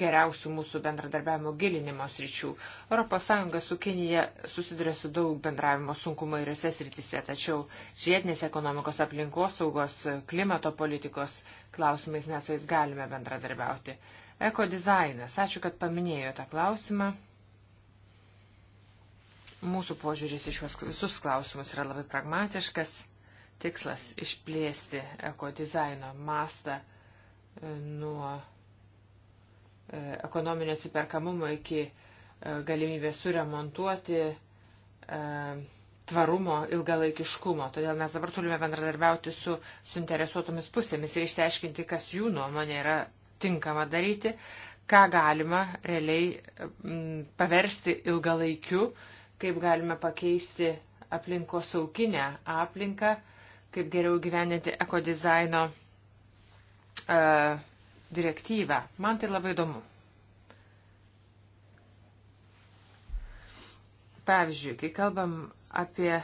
geriausių mūsų bendradarbiavimo gilinimo sričių. ES su Kinija susiduria su daug bendravimo sunkumo įvairiose srityse, tačiau žiedinės ekonomikos aplinkosaugos, klimato politikos klausimais mes su jais galime bendradarbiauti. Ekodizainas. Ačiū, kad paminėjo tą klausimą. Mūsų požiūris į šios visus klausimus yra labai pragmatiškas. Tikslas išplėsti ekodizaino mastą e, nuo E, ekonominio atsiperkamumo iki e, galimybės suremontuoti e, tvarumo ilgalaikiškumo. Todėl mes dabar turime bendradarbiauti su suinteresuotomis pusėmis ir išsiaiškinti, kas jų nuomonė yra tinkama daryti, ką galima realiai paversti ilgalaikiu, kaip galime pakeisti aplinkos saukinę aplinką, kaip geriau gyveninti ekodizaino uh, direktyvą. Man tai labai įdomu. Pavyzdžiui, kai kalbam apie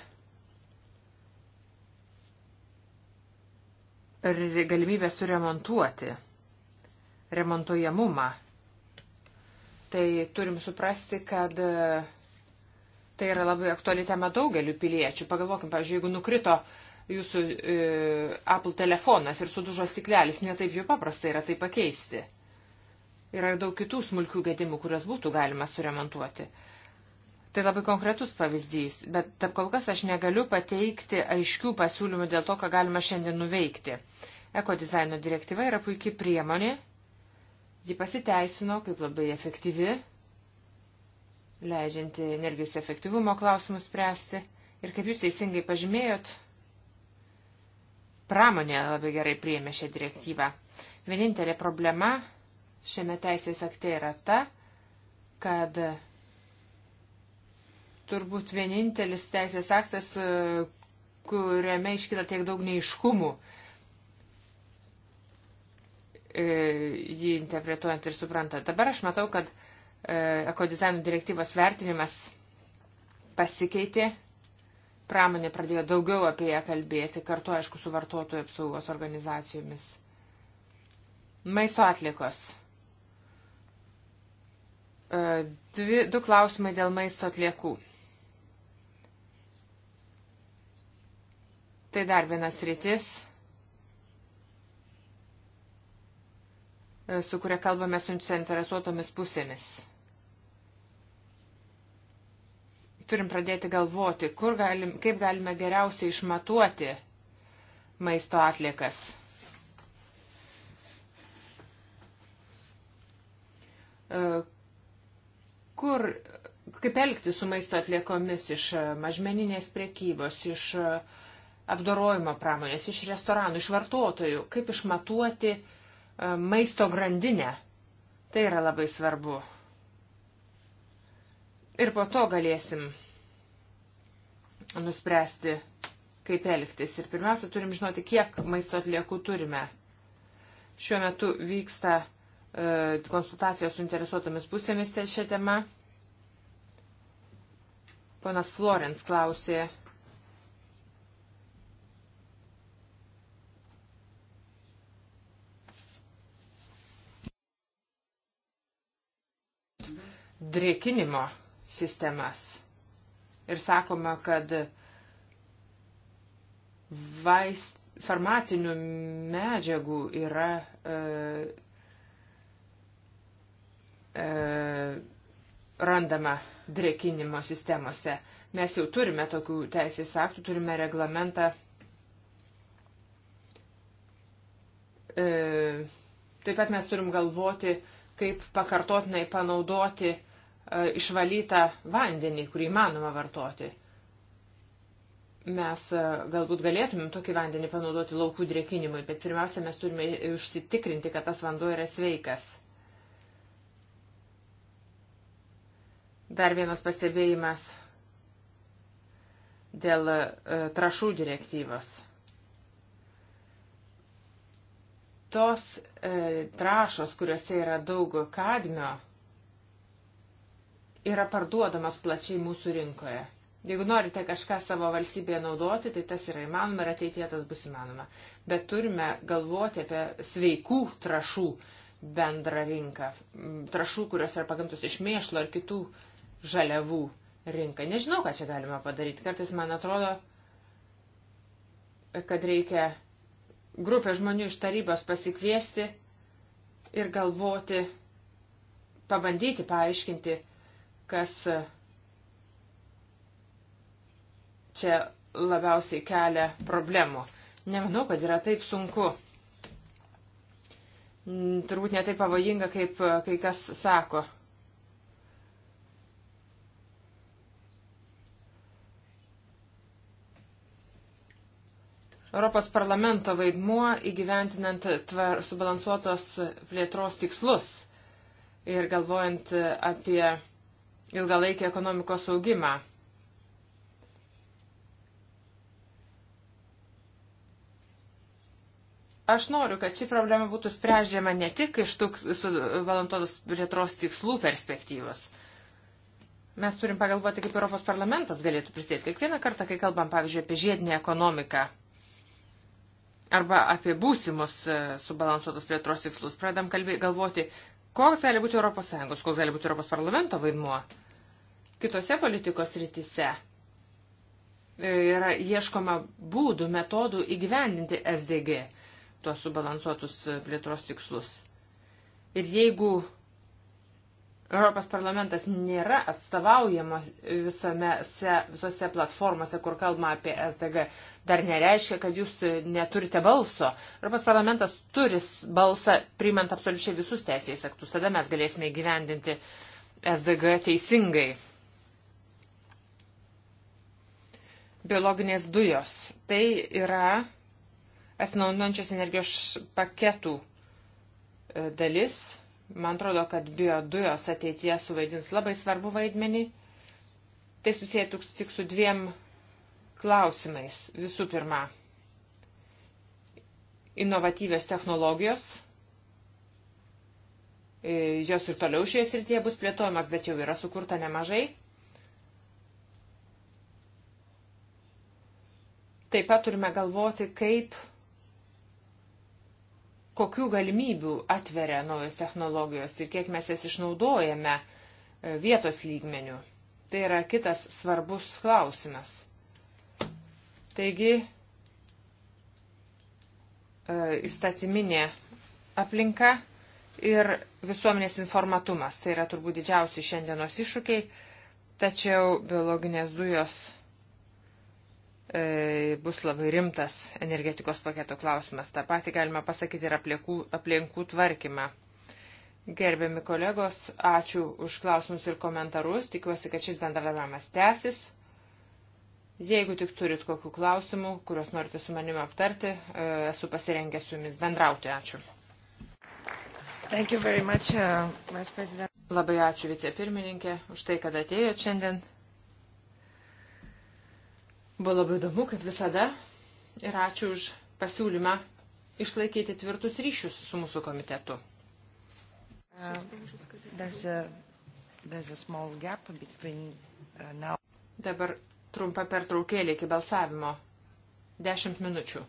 galimybę suremontuoti, remontojamumą, tai turim suprasti, kad e, tai yra labai aktuali tema daugeliu piliečių. Pagalvokim, pavyzdžiui, jeigu nukrito uh, jūsų e, Apple telefonas ir sudužo stiklelis, netaip jau paprasta yra tai pakeisti. Yra ir daug kitų smulkių gedimų, kurias būtų galima suremontuoti. Tai labai konkretus pavyzdys, bet tarp kol kas aš negaliu pateikti aiškių pasiūlymų dėl to, ką galima šiandien nuveikti. Eko dizaino direktyva yra puikiai priemonė, ji pasiteisino kaip labai efektyvi, leidžianti energijos efektyvumo klausimus spręsti. Ir kaip jūs teisingai pažymėjot, Pramonė labai gerai priėmė šią direktyvą. Vienintelė problema šiame teisės akte yra ta, kad turbūt vienintelis teisės aktas, kuriame iškyla tiek daug neiškumų, e, jį interpretuojant ir suprantant. Dabar aš matau, kad e, ekodizaino direktyvos vertinimas pasikeitė pramonė pradėjo daugiau apie ją kalbėti, kartu aišku su vartotojų apsaugos organizacijomis. Maisto atlikos. E, dvi, du klausimai dėl maisto atliekų. Tai dar vienas rytis, e, su kuria kalbame su suinteresuotomis pusėmis. turim pradėti galvoti, galim, kaip galime geriausiai išmatuoti maisto atliekas. E, kur, kaip elgti su maisto atliekomis iš e, mažmeninės priekybos, iš e, apdorojimo pramonės, iš restoranų, iš vartotojų, kaip išmatuoti maisto grandinę. Tai yra labai svarbu. Ir po to galėsim nuspręsti, kaip elgtis. Ir pirmiausia, turim žinoti, kiek maisto atliekų turime. Šiuo metu vyksta e, konsultacijos su interesuotomis pusėmis šią temą. Ponas Florens klausė. Drėkinimo sistemas. Ir sakoma, kad vaist, farmacinių medžiagų yra e, e, randama drekinimo sistemose. Mes jau turime tokių teisės aktų, turime reglamentą. E, taip pat mes turim galvoti, kaip pakartotinai panaudoti e, išvalytą vandenį, kurį manoma vartoti. Mes e, galbūt galėtumėm tokį vandenį panaudoti laukų drėkinimui, bet pirmiausia, mes turime užsitikrinti, kad tas vanduo yra sveikas. Dar vienas pastebėjimas dėl e, trašų direktyvos. Tos e, trašos, kuriuose yra daug kadmio, yra parduodamos plačiai mūsų rinkoje. Jeigu norite kažką savo valstybėje naudoti, tai tas yra įmanoma ir ateityje tas bus įmanoma. Bet turime galvoti apie sveikų trašų bendrą rinką. Trašų, kurios yra pagamtos iš mėšlo ar kitų žaliavų rinką. Nežinau, ką čia galima padaryti. Kartais man atrodo, kad reikia grupę žmonių iš tarybos pasikviesti ir galvoti, pabandyti paaiškinti, kas čia labiausiai kelia problemų. Nemanau, kad yra taip sunku. Turbūt netai pavojinga, kaip kai kas sako. Europos parlamento vaidmuo įgyventinant tvar, subalansuotos plėtros tikslus ir galvojant apie ilgalaikį ekonomikos augimą. Aš noriu, kad ši problema būtų sprendžiama ne tik iš tų valandos plėtros tikslų perspektyvos. Mes turim pagalvoti, kaip Europos parlamentas galėtų prisidėti. Kiekvieną kartą, kai kalbam, pavyzdžiui, apie žiedinę ekonomiką, arba apie būsimus e, subalansuotos plėtros tikslus. Pradam kalbė, galvoti, Koks gali būti ES, koks gali būti ES parlamento vaidmuo kitose politikos rytise? E, yra ieškoma būdų, metodų įgyvendinti SDG, tuos subalansuotus plėtros tikslus. Ir jeigu Europos parlamentas nėra atstovaujamas visome, visose platformose, kur kalbama apie SDG, dar nereiškia, kad jūs neturite balso. Europos parlamentas turi balsą, priimant absoliučiai visus teisės aktus, tada mes galėsime įgyvendinti SDG teisingai. Biologinės dujos. Tai yra atsinaujinančios energijos paketų e, dalis Man atrodo, kad biodujos ateityje suvaidins labai svarbu vaidmenį. Tai susiję tik su dviem klausimais. Visų pirma, inovatyvios technologijos. E, jos ir toliau šioje srityje bus plėtojamas, bet jau yra sukurta nemažai. Taip pat turime galvoti, kaip kokių galimybių atveria naujos technologijos ir kiek mes jas išnaudojame e, vietos lygmenių. Tai yra kitas svarbus klausimas. Taigi, e, įstatyminė aplinka ir visuomenės informatumas. Tai yra turbūt didžiausi šiandienos iššūkiai, tačiau biologinės dujos E, bus labai rimtas energetikos paketo klausimas. Ta pati galima pasakyti ir apliekų, aplinkų tvarkymą. Gerbiami kolegos, ačiū už klausimus ir komentarus. Tikiuosi, kad šis bendradarbiavimas tęsis. Jeigu tik turit kokių klausimų, kuriuos norite su manimi aptarti, e, esu pasirengęs su jumis bendrauti. Ačiū. Much, uh, Labai ačiū vicepirmininkė už tai, kad atėjot šiandien. Buvo labai įdomu, kaip visada. Ir ačiū už pasiūlymą išlaikyti tvirtus ryšius su mūsų komitetu. Uh, there's a, there's a between, uh, Dabar trumpa pertraukėlė iki balsavimo. Dešimt minučių.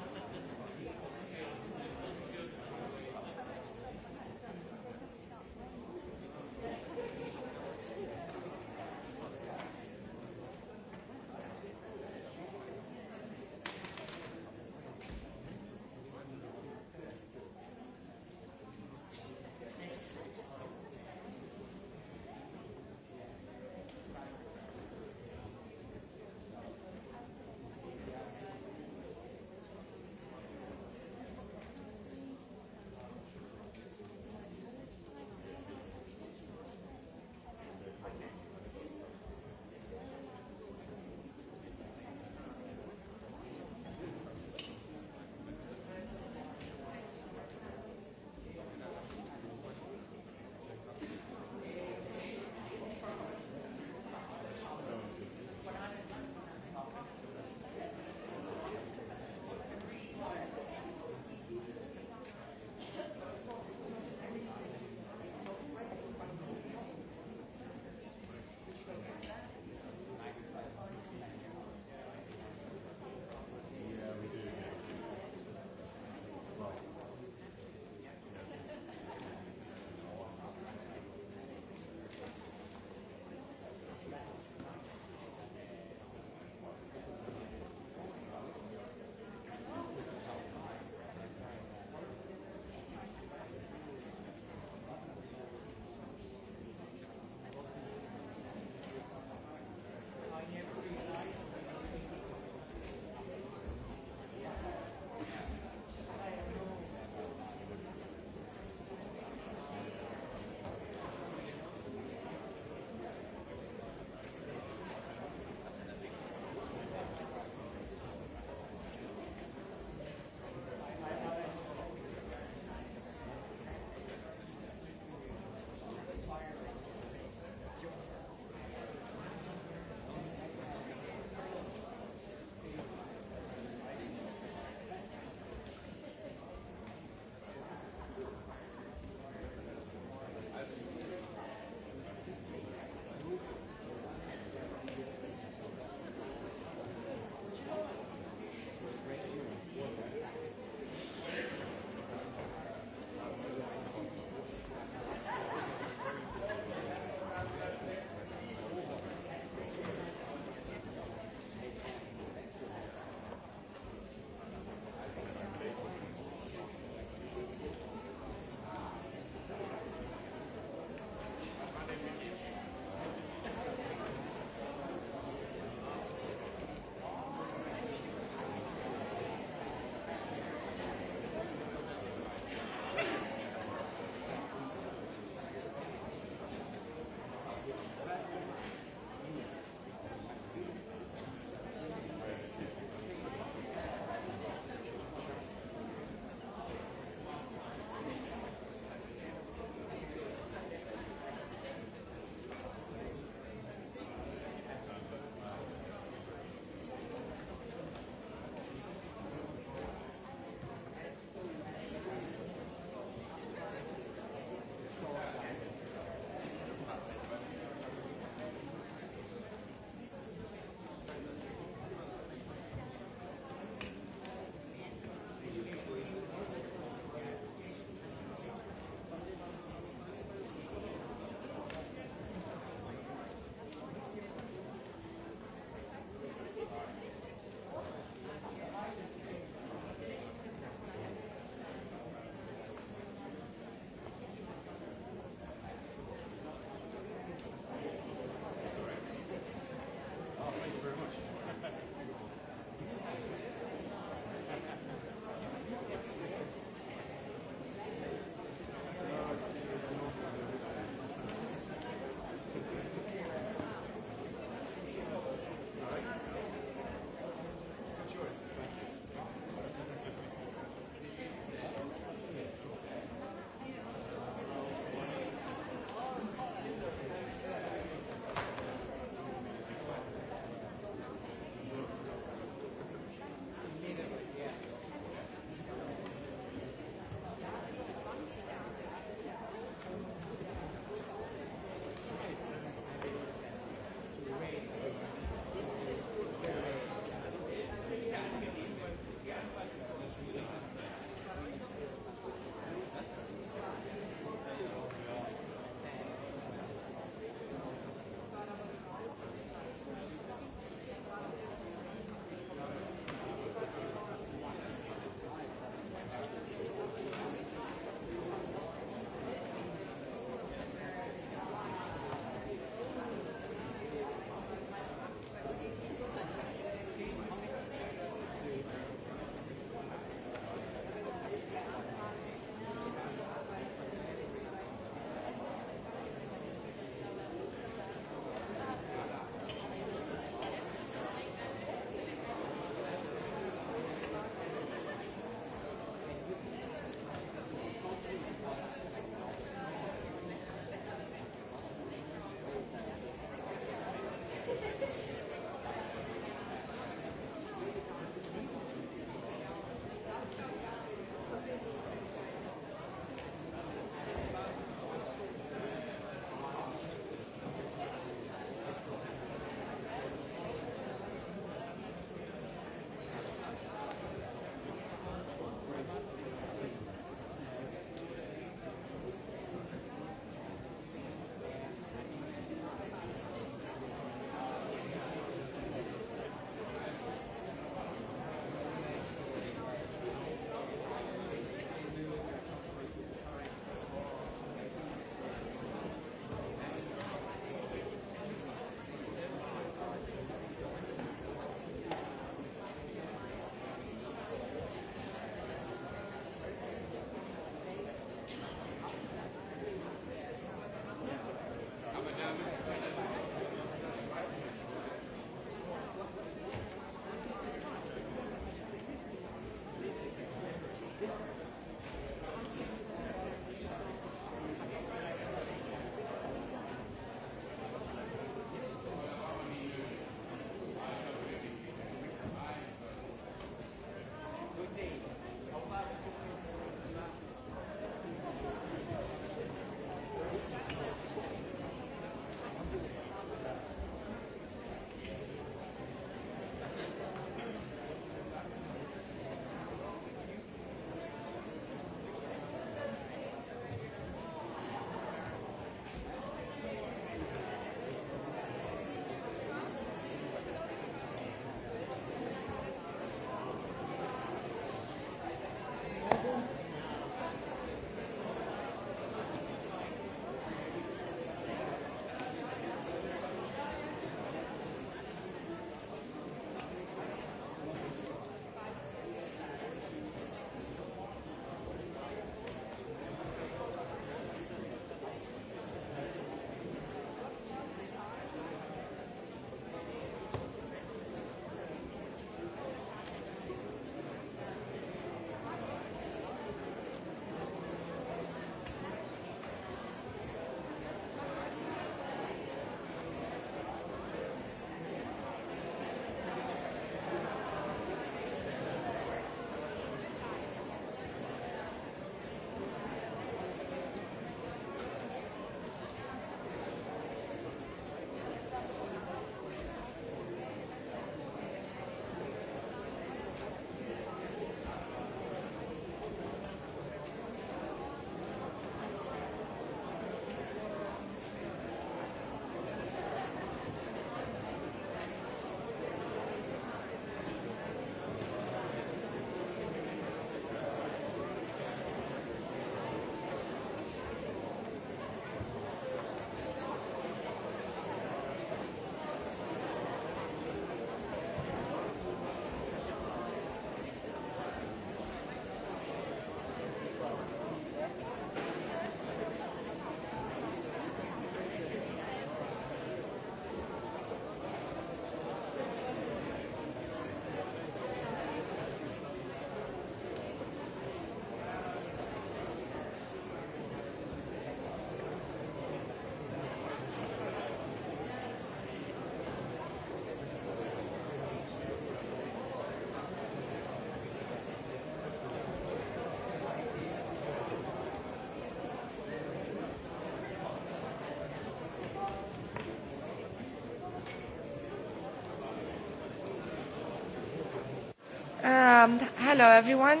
Um, hello everyone.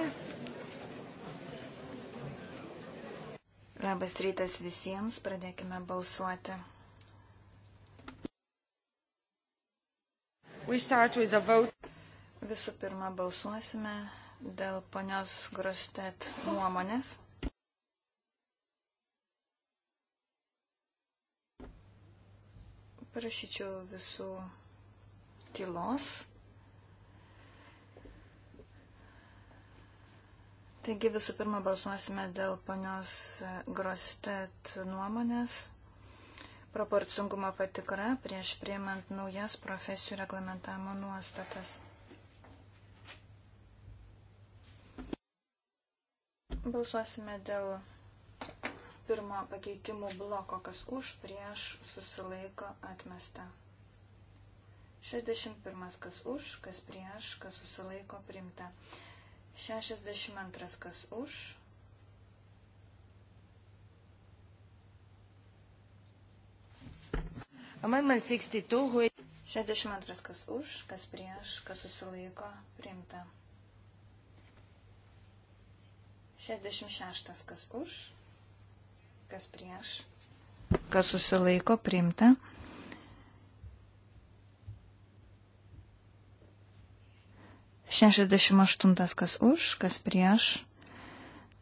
Labas rytas visiems, pradėkime balsuoti. Visų pirma, balsuosime dėl ponios Grostet nuomonės. Prašyčiau visų tylos. Taigi visų pirma balsuosime dėl ponios Grostet nuomonės. Proporcingumo patikra prieš priimant naujas profesijų reglamentavimo nuostatas. Balsuosime dėl pirmo pakeitimų bloko, kas už, prieš, susilaiko, atmesta. 61. Kas už, kas prieš, kas susilaiko, primta. 62 kas už. Amendment 62. 62 kas už, kas prieš, kas susilaiko, priimta. 66 kas už, kas prieš, kas susilaiko, priimta. 68 kas už, kas prieš.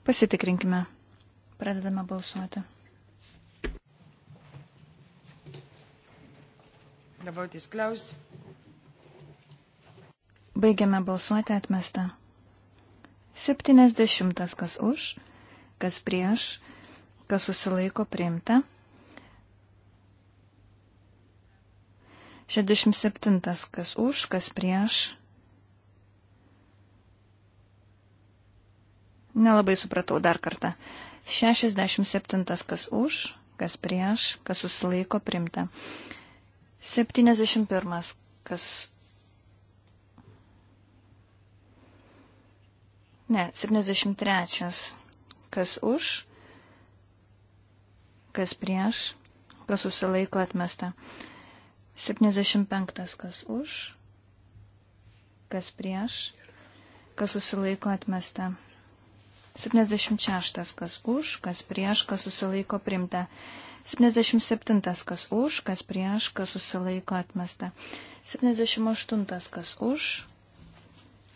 Pasitikrinkime. Pradedame balsuoti. Baigiame balsuoti atmestą. 70 kas už, kas prieš, kas susilaiko priimta. 67 kas už, kas prieš, Nelabai supratau dar kartą. 67 kas už, kas prieš, kas susilaiko primta. 71 kas. Ne, 73 kas už, kas prieš, kas susilaiko atmesta. 75 kas už, kas prieš, kas susilaiko atmesta. 76. Kas už, kas prieš, kas susilaiko primta. 77. Kas už, kas prieš, kas susilaiko atmesta. 78. Kas už,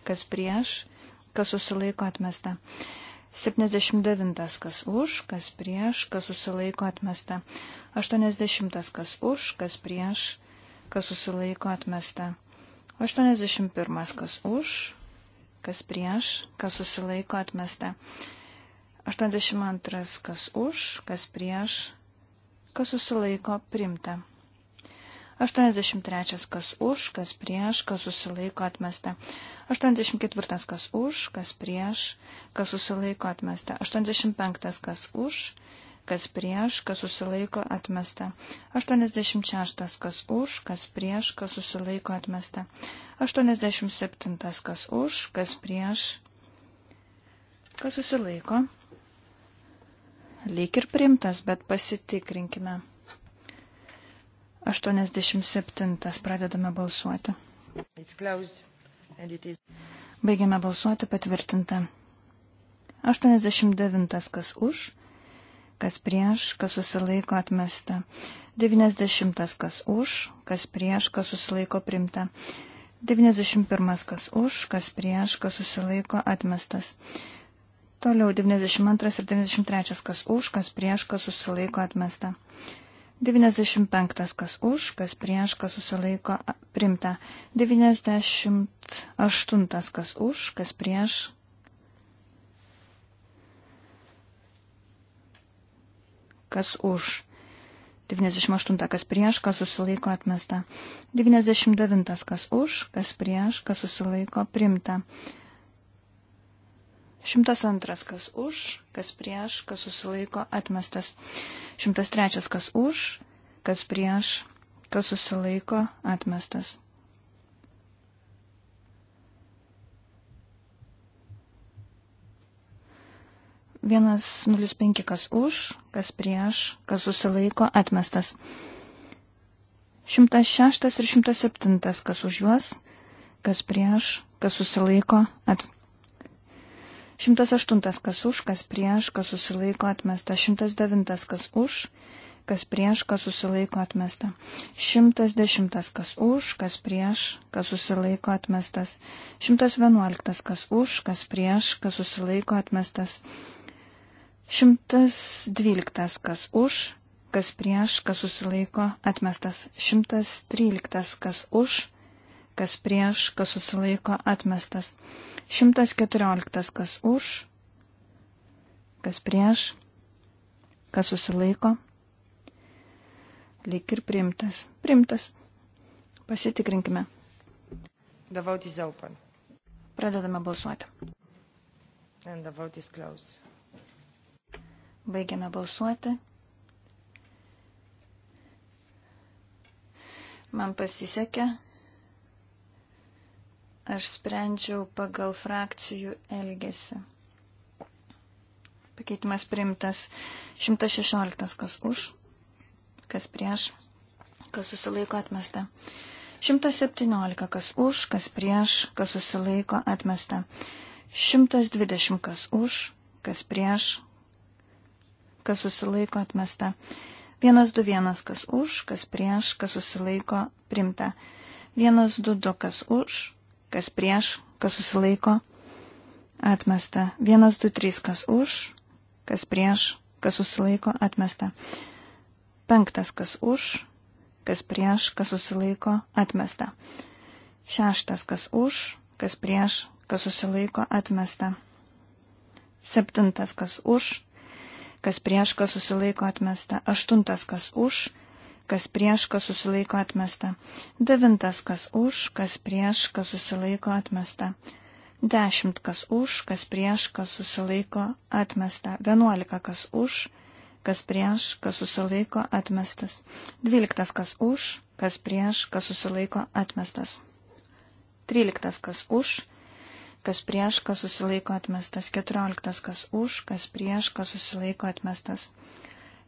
kas prieš, kas susilaiko atmesta. 79. Kas už, kas prieš, kas susilaiko atmesta. 80. Kas už, kas prieš, kas susilaiko atmesta. 81. Kas už, kas prieš, kas susilaiko atmesta. 82. Kas už, kas prieš, kas susilaiko primta. 83. Kas už, kas prieš, kas susilaiko atmesta. 84. Kas už, kas prieš, kas susilaiko atmesta. 85. Kas už, kas prieš, kas susilaiko atmesta. 86, kas už, kas prieš, kas susilaiko atmesta. 87, kas už, kas prieš, kas susilaiko. Lyg ir primtas, bet pasitikrinkime. 87, pradedame balsuoti. Baigiame balsuoti patvirtinta. 89, kas už kas prieš, kas susilaiko atmesta. 90 kas už, kas prieš, kas susilaiko primta. 91 kas už, kas prieš, kas susilaiko atmestas. Toliau 92 ir 93 kas už, kas prieš, kas susilaiko atmesta. 95 kas už, kas prieš, kas susilaiko primta. 98 kas už, kas prieš, kas už. 98 kas prieš, kas susilaiko atmesta. 99 kas už, kas prieš, kas susilaiko primta. 102 kas už, kas prieš, kas susilaiko atmestas. 103 kas už, kas prieš, kas susilaiko atmestas. 105 kas už, kas prieš, kas susilaiko atmestas. 106 ir 107 kas už juos, kas prieš, kas susilaiko atmestas. 108 kas už, kas prieš, kas susilaiko atmestas. 109 kas už, kas prieš, kas susilaiko atmesta. 110 kas už, kas prieš, kas susilaiko atmestas. 111 kas už, kas prieš, kas susilaiko atmestas. 111, 112. Kas už, kas prieš, kas susilaiko, atmestas. 113. Kas už, kas prieš, kas susilaiko, atmestas. 114. Kas už, kas prieš, kas susilaiko, lyg ir primtas. Primtas. Pasitikrinkime. The vote is open. Pradedame balsuoti. And the vote is closed. Baigiame balsuoti. Man pasisekė. Aš sprendžiau pagal frakcijų elgesį. Pakeitimas priimtas 116, kas už, kas prieš, kas susilaiko atmesta. 117, kas už, kas prieš, kas susilaiko atmesta. 120, kas už, kas prieš, kas susilaiko atmesta. 121, kas už, kas prieš, kas susilaiko primta. 122, kas už, kas prieš, kas susilaiko atmesta. 123, kas už, kas prieš, kas susilaiko atmesta. Penktas, kas už, kas prieš, kas susilaiko atmesta. Šeštas, kas už, kas prieš, kas susilaiko atmesta. Septintas, kas už, kas prieš, kas susilaiko atmesta. Aštuntas, kas už, kas prieš, kas susilaiko atmesta. Devintas, kas už, kas prieš, kas susilaiko atmesta. Dešimt, kas už, kas prieš, kas susilaiko atmesta. Vienuolika, kas už, kas prieš, kas susilaiko atmestas. Dvyliktas, kas už, kas prieš, kas susilaiko atmestas. Tryliktas, kas už, kas prieš, kas susilaiko atmestas, 14 kas už, kas prieš, kas susilaiko atmestas,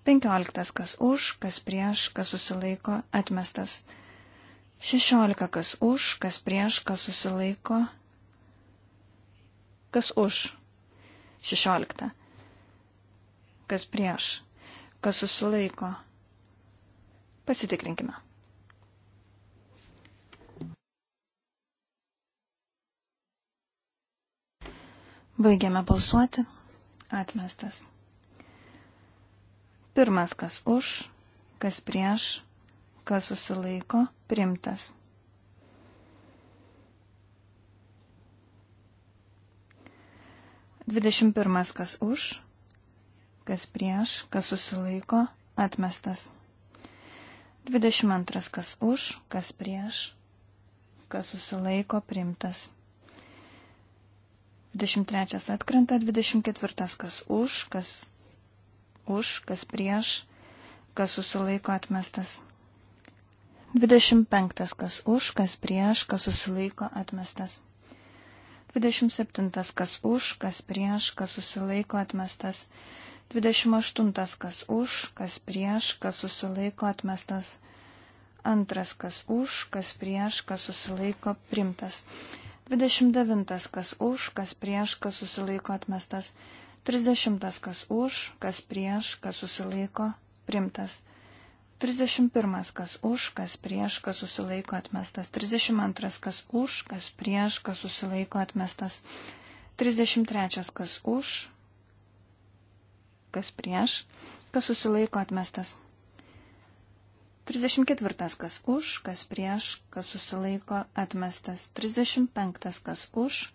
15 kas už, kas prieš, kas susilaiko atmestas, 16 kas už, kas prieš, kas susilaiko, kas už, 16 kas prieš, kas susilaiko. Pasitikrinkime. Baigiame balsuoti. Atmestas. Pirmas, kas už, kas prieš, kas susilaiko, primtas. Dvidešimt pirmas, kas už, kas prieš, kas susilaiko, atmestas. Dvidešimt antras, kas už, kas prieš, kas susilaiko, primtas. 23 atkrenta, 24 kas už, kas už, kas prieš, kas susilaiko atmestas. 25 kas už, kas prieš, kas susilaiko atmestas. 27 kas už, kas prieš, kas susilaiko atmestas. 28 kas už, kas prieš, kas susilaiko atmestas. Antras kas už, kas prieš, kas susilaiko primtas. 29. kas už, kas prieš, kas susilaiko atmestas. 30. kas už, kas prieš, kas susilaiko primtas. 31. kas už, kas prieš, kas susilaiko atmestas. 32. kas už, kas prieš, kas susilaiko atmestas. 33. kas už, kas prieš, kas susilaiko atmestas. 34. Kas už, kas prieš, kas susilaiko atmestas. 35. Kas už,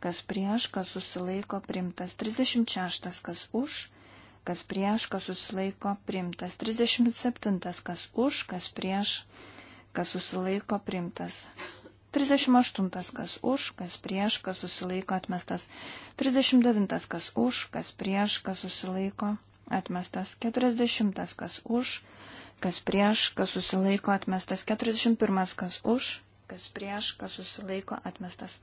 kas prieš, kas susilaiko primtas. 36. Kas už, kas prieš, kas susilaiko primtas. 37. Kas už, kas prieš, kas susilaiko primtas. 38. Kas už, kas prieš, kas susilaiko atmestas. 39. Kas už, kas prieš, kas susilaiko atmestas. 40. Kas už, kas prieš, kas susilaiko atmestas kas prieš, kas susilaiko atmestas. 41. kas už, kas prieš, kas susilaiko atmestas.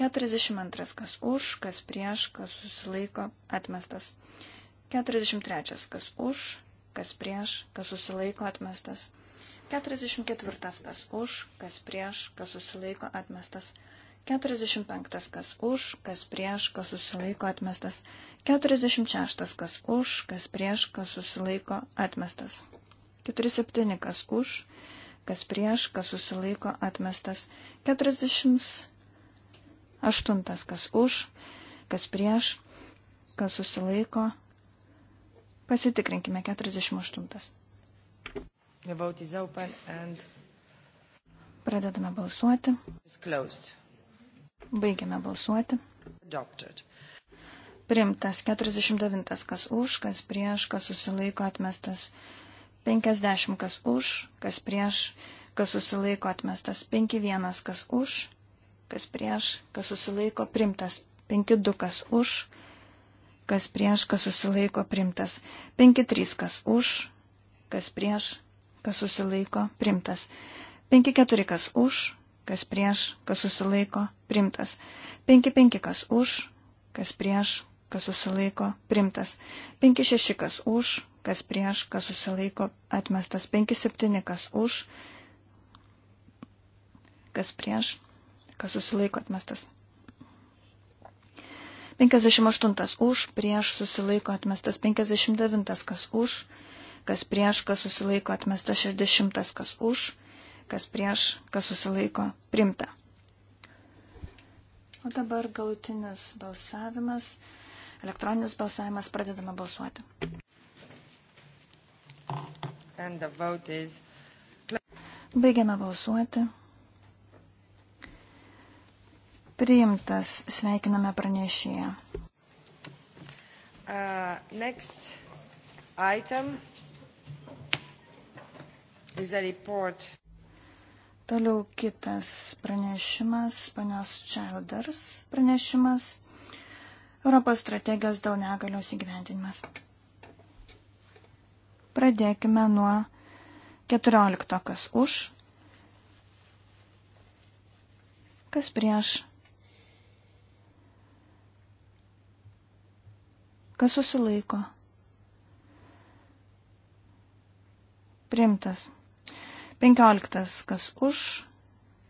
42. kas už, kas prieš, kas susilaiko atmestas. 43. kas už, kas prieš, kas susilaiko atmestas. 44. kas už, kas prieš, kas susilaiko atmestas. 45. kas už, kas prieš, kas susilaiko atmestas. 46. kas už, kas prieš, kas susilaiko atmestas. 47, kas už, kas prieš, kas susilaiko atmestas. 48, kas už, kas prieš, kas susilaiko. Pasitikrinkime 48. The vote is open and... Pradedame balsuoti. Baigiame balsuoti. Adopted. Primtas 49, kas už, kas prieš, kas susilaiko atmestas. 50 kas už, kas prieš, kas susilaiko atmestas, 51 kas už, kas prieš, kas susilaiko primtas, 52 kas už, kas prieš, kas susilaiko primtas, 53 kas už, kas prieš, kas susilaiko primtas, 54 kas už, kas prieš, kas susilaiko primtas, 55 kas už, kas prieš, kas susilaiko primtas, 56 kas už, kas prieš, kas susilaiko atmestas 5-7, kas už, kas prieš, kas susilaiko atmestas. 58 už, prieš susilaiko atmestas 59, kas už, kas prieš, kas susilaiko atmestas 60, kas už, kas prieš, kas susilaiko primta. O dabar galutinis balsavimas, elektroninis balsavimas, pradedame balsuoti. Is... Baigiame balsuoti. Priimtas, sveikiname pranešėją. Uh, next item is a report. Toliau kitas pranešimas, panios Childers pranešimas, Europos strategijos dėl negalios įgyvendinimas. Pradėkime nuo 14. Kas už? Kas prieš? Kas susilaiko? Primtas. 15. Kas už?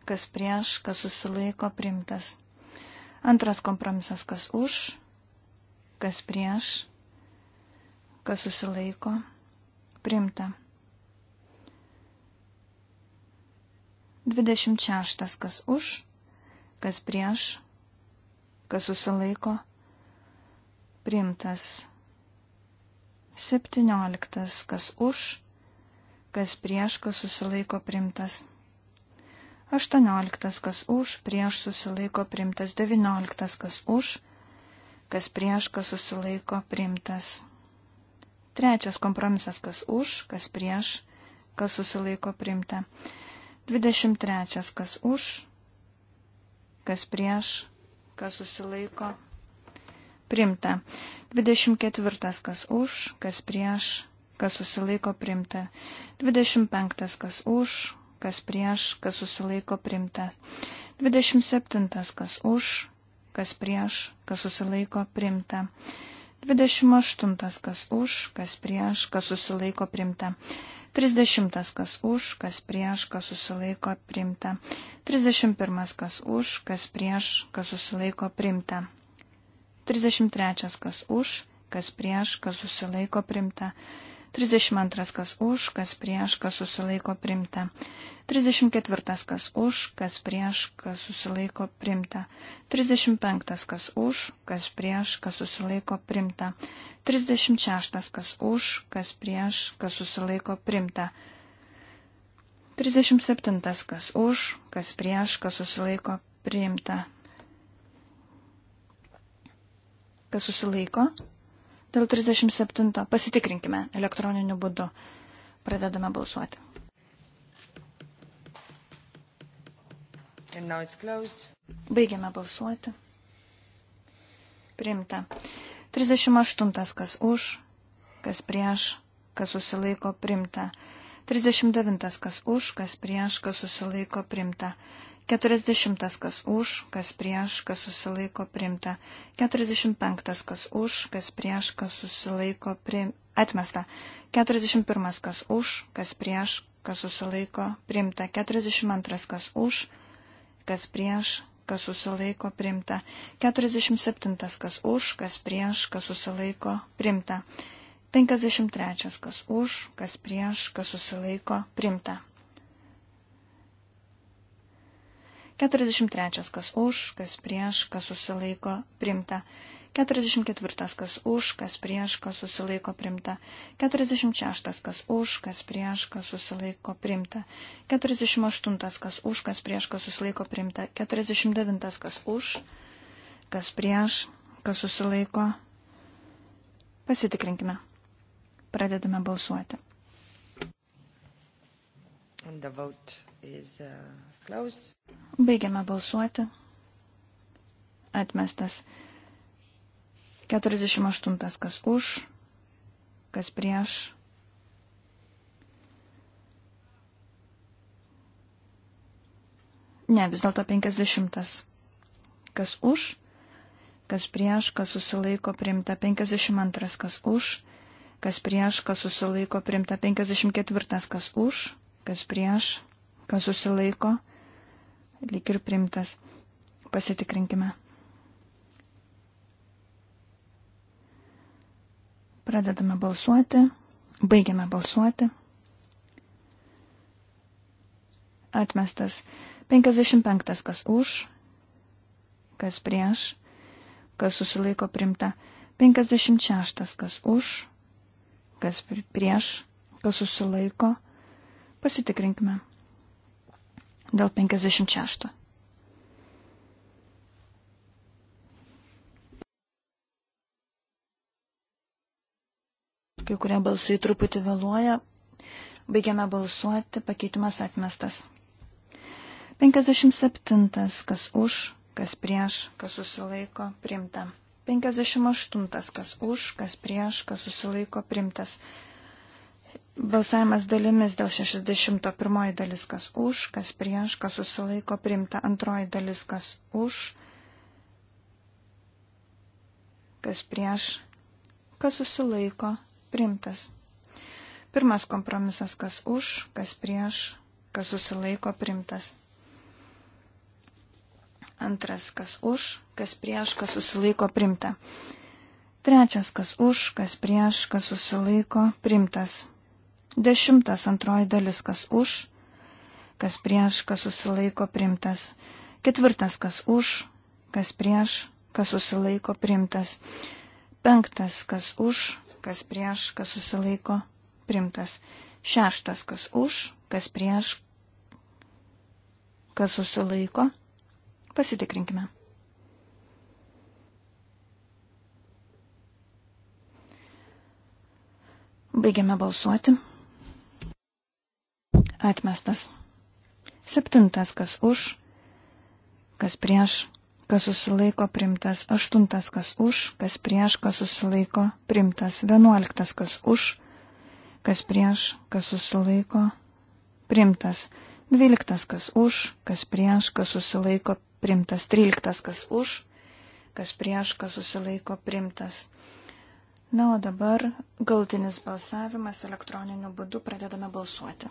Kas prieš? Kas susilaiko? Primtas. Antras kompromisas. Kas už? Kas prieš? Kas susilaiko? Primta. 26. Kas už, kas prieš, kas susilaiko. Primtas. 17. Kas už, kas prieš, kas susilaiko. Primtas. 18. Kas už, prieš susilaiko. Primtas. 19. Kas už, kas prieš, kas susilaiko. Primtas. Trečias kompromisas, kas už, kas prieš, kas susilaiko priimta. 23. Kas už, kas prieš, kas susilaiko priimta. 24. Kas už, kas prieš, kas susilaiko priimta. 25. Kas už, kas prieš, kas susilaiko priimta. 27. Kas už, kas prieš, kas susilaiko priimta. 28. kas už, kas prieš, kas susilaiko primta. 30. kas už, kas prieš, kas susilaiko primta. 31. kas už, kas prieš, kas susilaiko primta. 33. kas už, kas prieš, kas susilaiko primta. 32 kas už, kas prieš, kas susilaiko primta. 34 kas už, kas prieš, kas susilaiko primta. 35 kas už, kas prieš, kas susilaiko primta. 36 kas už, kas prieš, kas susilaiko primta. 37 kas už, kas prieš, kas susilaiko priimta. Kas susilaiko? Dėl 37 pasitikrinkime elektroniniu būdu. Pradedame balsuoti. Baigiame balsuoti. Primta. 38 kas už, kas prieš, kas susilaiko primta. 39 kas už, kas prieš, kas susilaiko primta. 40 kas už, kas prieš, kas susilaiko primta. 45 kas už, kas prieš, kas susilaiko primta. Atmesta. 41 kas už, kas prieš, kas susilaiko primta. 42 kas už, kas prieš, kas susilaiko primta. 47 kas už, kas prieš, kas susilaiko primta. 53 kas už, kas prieš, kas susilaiko primta. 43. Kas už, kas prieš, kas susilaiko primta. 44. Kas už, kas prieš, kas susilaiko primta. 46. Kas už, kas prieš, kas susilaiko primta. 48. Kas už, kas prieš, kas susilaiko primta. 49. Kas už, kas prieš, kas susilaiko. Pasitikrinkime. Pradedame balsuoti. And the vote is uh, closed. Baigiame balsuoti. Atmestas. 48. Kas už, kas prieš. Ne, vis dėlto 50. Kas už, kas prieš, kas susilaiko primta 52. Kas už, kas prieš, kas susilaiko primta 54. Kas už, kas prieš, kas susilaiko, lyg ir primtas. Pasitikrinkime. Pradedame balsuoti, baigiame balsuoti. Atmestas 55, kas už, kas prieš, kas susilaiko primta. 56, kas už, kas prieš, kas susilaiko. Pasitikrinkime dėl 56. Kai kurie balsai truputį vėluoja. Baigiame balsuoti, pakeitimas atmestas. 57. Kas už, kas prieš, kas susilaiko, primta. 58. Kas už, kas prieš, kas susilaiko, primtas. Balsavimas dalimis dėl 61 dalis, kas už, kas prieš, kas susilaiko, priimta antroji dalis, kas už, kas prieš, kas susilaiko, priimtas. Pirmas kompromisas, kas už, kas prieš, kas susilaiko, priimtas. Antras, kas už, kas prieš, kas susilaiko, priimta. Trečias, kas už, kas prieš, kas susilaiko, primtas. Dešimtas antroji dalis, kas už, kas prieš, kas susilaiko primtas. Ketvirtas, kas už, kas prieš, kas susilaiko primtas. Penktas, kas už, kas prieš, kas susilaiko primtas. Šeštas, kas už, kas prieš, kas susilaiko. Pasitikrinkime. Baigiame balsuoti atmestas. Septintas, kas už, kas prieš, kas susilaiko primtas. Aštuntas, kas už, kas prieš, kas susilaiko primtas. Vienuoliktas, kas už, kas prieš, kas susilaiko primtas. Dvyliktas, kas už, kas prieš, kas susilaiko primtas. Tryliktas, kas už, kas prieš, kas susilaiko primtas. Na, o dabar galtinis balsavimas elektroniniu būdu pradedame balsuoti.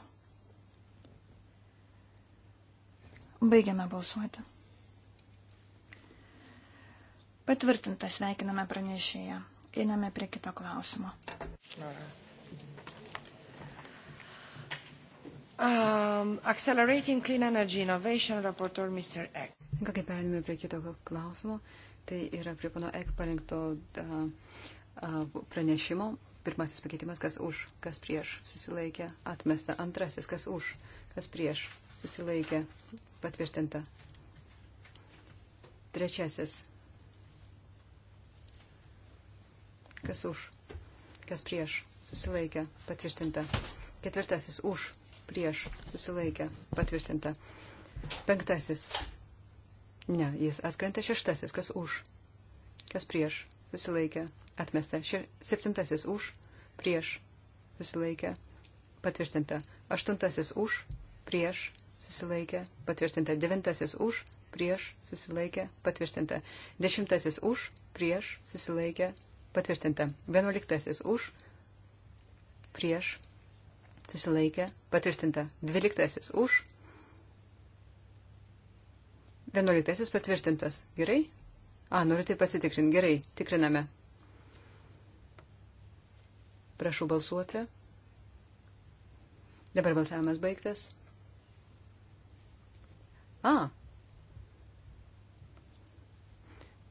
Baigiame balsuoti. Patvirtinta sveikiname pranešėją. Einame prie kito klausimo. Um, accelerating Clean Energy Innovation Rapporteur Mr. Eck. Ką kaip perėmėme prie kito klausimo, tai yra prie pano Eck parinkto uh, uh, pranešimo. Pirmasis pakeitimas, kas už, kas prieš, susilaikė, atmesta. Antrasis, kas už, kas prieš, susilaikė, patvirtinta. Trečiasis. Kas už, kas prieš, susilaikė, patvirtinta. Ketvirtasis už, prieš, susilaikė, patvirtinta. Penktasis. Ne, jis atkrenta šeštasis, kas už, kas prieš, susilaikė, atmesta. Še... Septintasis už, prieš, susilaikė, patvirtinta. Aštuntasis už, prieš, susilaikė, patvirtinta. Devintasis už, prieš, susilaikė, patvirtinta. Dešimtasis už, prieš, susilaikė, patvirtinta. Vienuoliktasis už, prieš, susilaikė, patvirtinta. Dvyliktasis už, vienuoliktasis patvirtintas. Gerai? A, noriu tai pasitikrinti. Gerai, tikriname. Prašau balsuoti. Dabar balsavimas baigtas. A.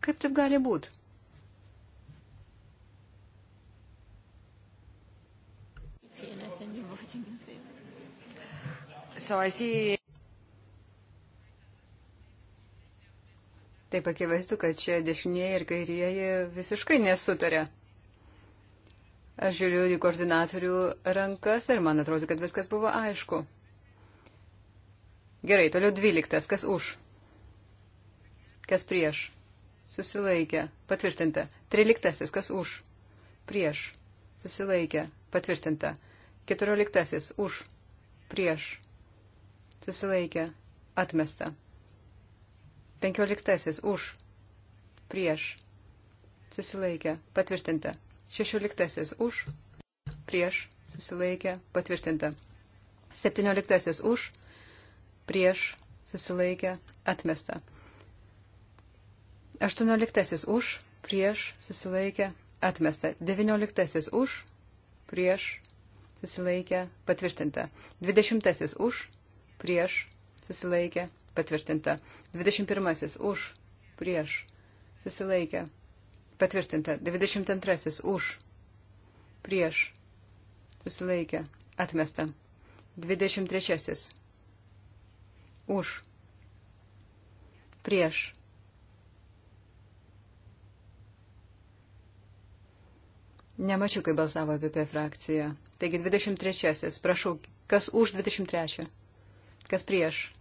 Kaip taip gali būti? So I see. Taip akivaizdu, kad čia dešinieji ir kairieji visiškai nesutarė. Aš žiūriu į koordinatorių rankas ir man atrodo, kad viskas buvo aišku. Gerai, toliau 12. Kas už? Kas prieš? Susilaikė. Patvirtinta. 13. Kas už? Prieš. Susilaikė. Patvirtinta. 14. Už. Prieš. Susilaikė. Atmesta. 15. Už. Prieš. Susilaikė. Patvirtinta. 16. Už. Prieš. Susilaikė. Patvirtinta. 17. Už prieš, susilaikė, atmesta. 18 už, prieš, susilaikė, atmesta. 19 už, prieš, susilaikė, patvirtinta. 20 už, prieš, susilaikė, patvirtinta. 21 už, prieš, susilaikė, patvirtinta. 22 už, prieš, susilaikė, atmesta. 23 už, prieš. Nemačiau, kai balsavo apie P frakciją. Taigi 23-asis, prašau, kas už 23? Kas prieš?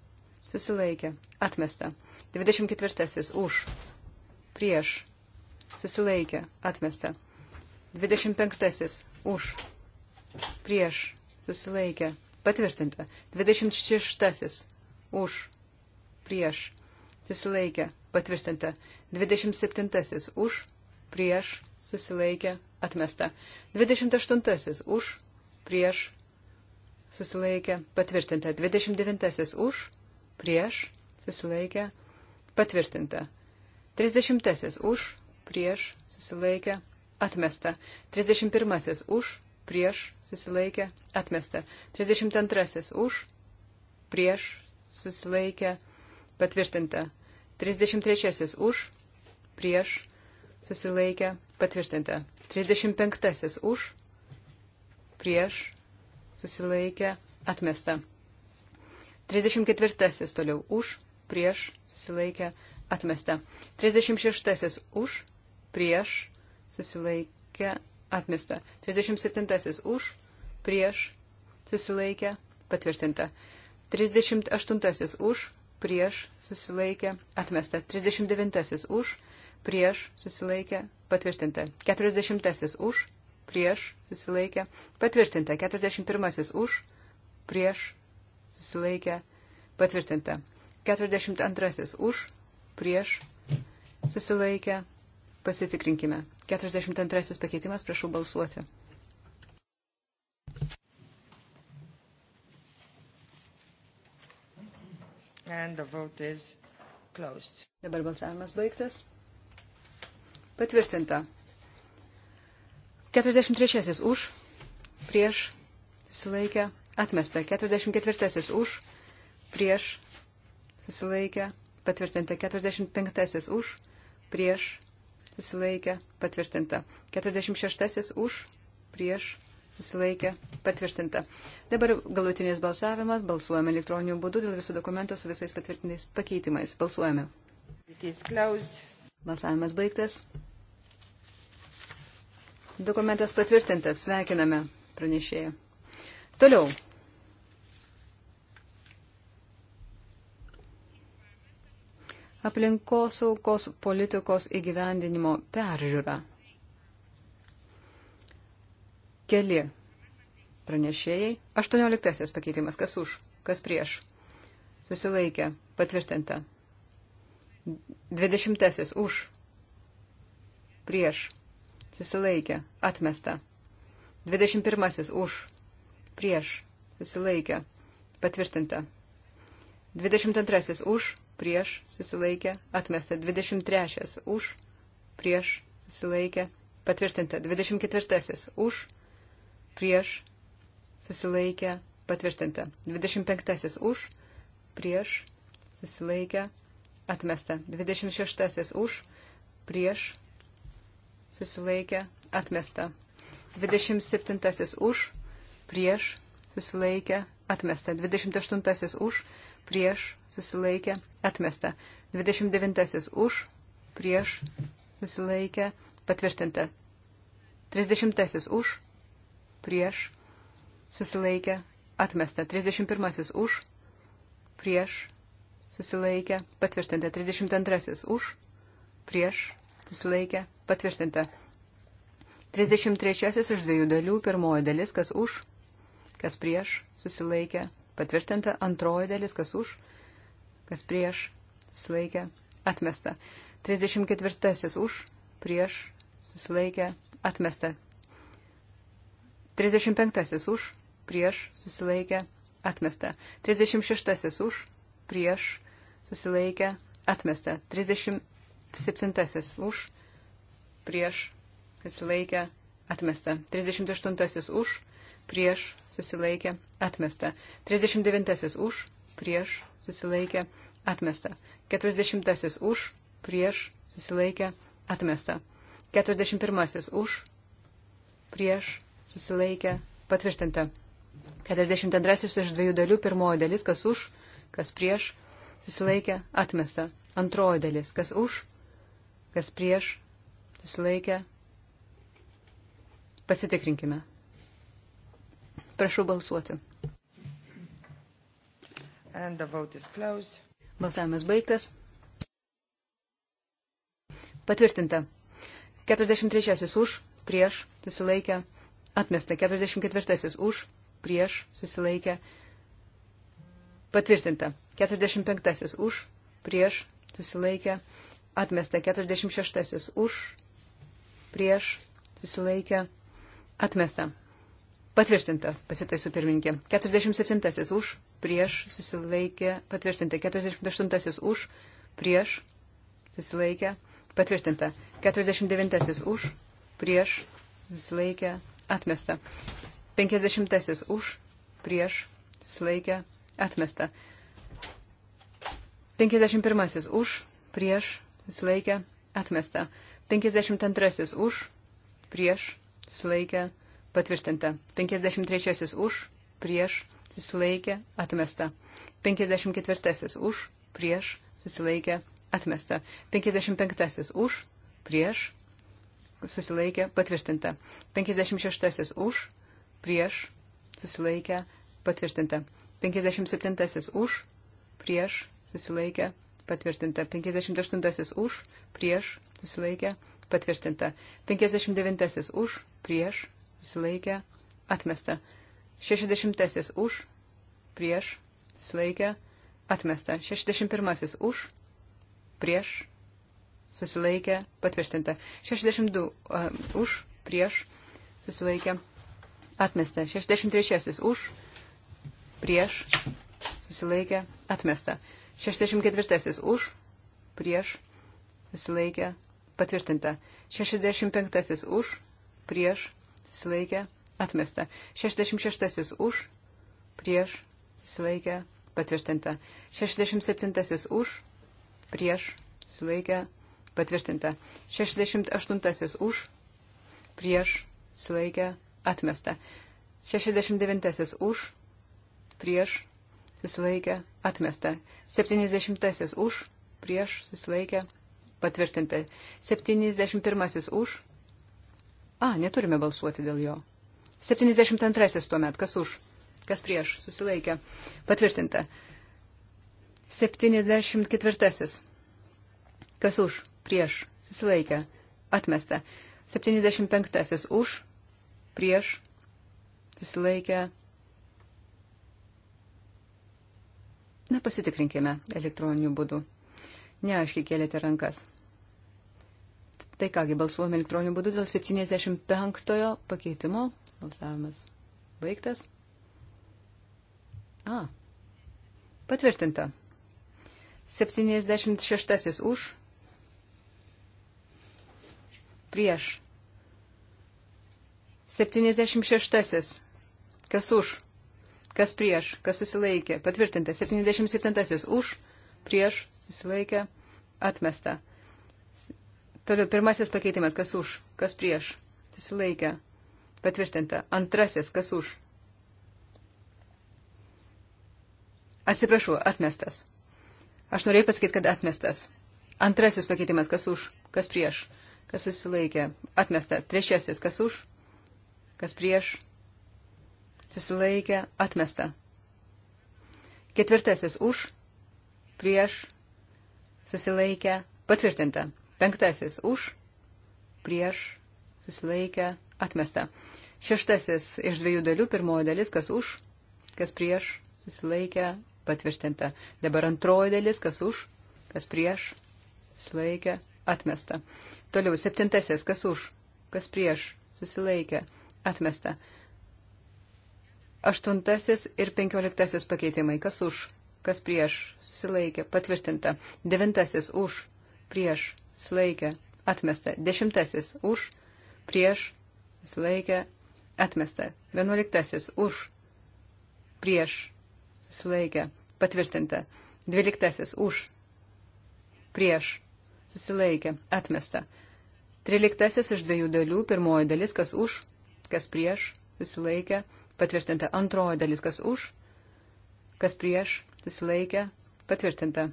Susilaikė. Atmesta. 24-asis, už. Prieš. Susilaikė. Atmesta. 25-asis, už. Prieš. Susilaikė. Patvirtinta. 26-asis, už, prieš, susilaikė, patvirtinta. 27 už, prieš, susilaikė, atmesta. 28 už, prieš, susilaikė, patvirtinta. 29 už, prieš, susilaikė, patvirtinta. 30 už, prieš, susilaikė, atmesta. 31 už, prieš, susilaikė, atmesta. 32 už, prieš, susilaikė, patvirtinta. 33 už, prieš, susilaikė, patvirtinta. 35 už, prieš, susilaikė, atmesta. 34 toliau už, prieš, susilaikė, atmesta. 36 už, prieš, susilaikė, atmesta. 37 už, prieš, susilaikė, patvirtinta. 38 už, prieš susilaikė, atmesta. 39 už, prieš susilaikė, patvirtinta. 40 už, prieš susilaikė, patvirtinta. 41 už, prieš susilaikė, patvirtinta. 42 už, prieš susilaikė, pasitikrinkime. 42 pakeitimas, prašau balsuoti. And the vote is closed. Dabar balsavimas baigtas. Patvirtinta. 43 už, prieš, susilaikę, atmesta. 44 už, prieš, susilaikę, patvirtinta. 45 už, prieš, susilaikę, patvirtinta. 46 už, prieš, susilaikė, patvirtinta. Dabar galutinis balsavimas, balsuojame elektroniniu būdu dėl viso dokumento su visais patvirtiniais pakeitimais. Balsuojame. Balsavimas baigtas. Dokumentas patvirtintas. Sveikiname pranešėją. Toliau. Aplinkosaukos politikos įgyvendinimo peržiūra. Keli pranešėjai. 18 pakeitimas. Kas už? Kas prieš? Susilaikė. Patvirtinta. 20 už. Prieš. Susilaikė. Atmesta. 21 už. Prieš. Susilaikė. Patvirtinta. 22 už. Prieš. Susilaikė. Atmesta. 23 už. Prieš. Susilaikė. Patvirtinta. 24 už prieš, susilaikę, patvirtinta. 25 už, prieš, susilaikę, atmesta. 26 už, prieš, susilaikę, atmesta. 27 už, prieš, susilaikę, atmesta. 28 už, prieš, susilaikę, atmesta. 29 už, prieš, susilaikę, patvirtinta. 30 už, prieš, susilaikę, atmesta. 31 už, prieš, susilaikę, patvirtinta. 32 už, prieš, susilaikę, patvirtinta. 33 iš dviejų dalių, pirmoji dalis, kas už, kas prieš, susilaikė, patvirtinta, antroji dalis, kas už, kas prieš, susilaikė, atmesta. 34 už, prieš, susilaikė, atmesta. 35 už, prieš, susilaikė, atmesta. 36 už, prieš, susilaikė, atmesta. 37 už, prieš, susilaikė, atmesta. 38 už, prieš, susilaikė, atmesta. 39 už, prieš, susilaikė, atmesta. 40 už, prieš, susilaikė, atmesta. 41 už, prieš, susilaikė, patvirtinta. 42 iš dviejų dalių, pirmoji dalis, kas už, kas prieš, susilaikė, atmesta. Antroji dalis, kas už, kas prieš, susilaikė. Pasitikrinkime. Prašau balsuoti. Balsavimas baigtas. Patvirtinta. 43 už, prieš, susilaikė, Atmesta 44 už, prieš, susilaikė. Patvirtinta 45 už, prieš, susilaikė. Atmesta 46 už, prieš, susilaikė. Atmesta. Patvirtintas, pasitaisų pirmininkė. 47 už, prieš, susilaikė. Patvirtinta 48 už, prieš, susilaikė. Patvirtinta 49 už, prieš, susilaikė atmesta. 50 už, prieš, slaikę, atmesta. 51 už, prieš, slaikę, atmesta. 52 už, prieš, slaikę, patvirtinta. 53 už, prieš, susilaikė, atmesta. 54 už, prieš, susilaikė, atmesta. 55 už, prieš, susilaikė patvirtinta. 56 už, prieš, susilaikė patvirtinta. 57 už, prieš, susilaikė patvirtinta. 58 už, prieš, susilaikė patvirtinta. 59 už, prieš, susilaikė atmesta. 60 už, prieš, susilaikė atmesta. 61 už, prieš, susilaikė, patvirtinta. 62 uh, už, prieš, susilaikė, atmesta. 63 už, prieš, susilaikė, atmesta. 64 už, prieš, susilaikė, patvirtinta. 65 už, prieš, susilaikė, atmesta. 66 už, prieš, susilaikė, patvirtinta. 67 už, prieš, susilaikė, patvirtinta. 68 už, prieš, sulaikę, atmesta. 69 už, prieš, susilaikę, atmesta. 70 už, prieš, susilaikę, patvirtinta. 71 už. A, neturime balsuoti dėl jo. 72 tuomet, kas už, kas prieš, susilaikę, patvirtinta. 74. Kas už? prieš, susilaikė, atmesta. 75 už, prieš, susilaikė. Na, pasitikrinkime elektroniniu būdu. Neaiškiai kėlėte rankas. Tai kągi, balsuojame elektroniniu būdu dėl 75 pakeitimo. Balsavimas baigtas. A. Patvirtinta. 76 už, prieš. 76. Kas už? Kas prieš? Kas susilaikė? Patvirtinta. 77. Už, prieš, susilaikė, atmesta. Toliau, pirmasis pakeitimas. Kas už? Kas prieš? Susilaikė. Patvirtinta. Antrasis. Kas už? Atsiprašau, atmestas. Aš norėjau pasakyti, kad atmestas. Antrasis pakeitimas. Kas už? Kas prieš? kas susilaikė, atmesta. Trečiasis, kas už, kas prieš, susilaikė, atmesta. Ketvirtasis, už, prieš, susilaikė, patvirtinta. Penktasis, už, prieš, susilaikė, atmesta. Šeštasis iš dviejų dalių, pirmoji dalis, kas už, kas prieš, susilaikė, patvirtinta. Dabar antroji dalis, kas už, kas prieš, susilaikė, atmesta. Toliau, septintasis, kas už, kas prieš, susilaikė, atmesta. Aštuntasis ir penkioliktasis pakeitimai, kas už, kas prieš, susilaikė, patvirtinta. Devintasis, už, prieš, susilaikė, atmesta. Dešimtasis, už, prieš, susilaikė, atmesta. Vienuoliktasis, už, prieš, susilaikė, patvirtinta. Dvyliktasis, už, prieš, susilaikė, atmesta. Triliktasis iš dviejų dalių, pirmoji dalis, kas už, kas prieš, susilaikė, patvirtinta. Antroji dalis, kas už, kas prieš, susilaikė, patvirtinta.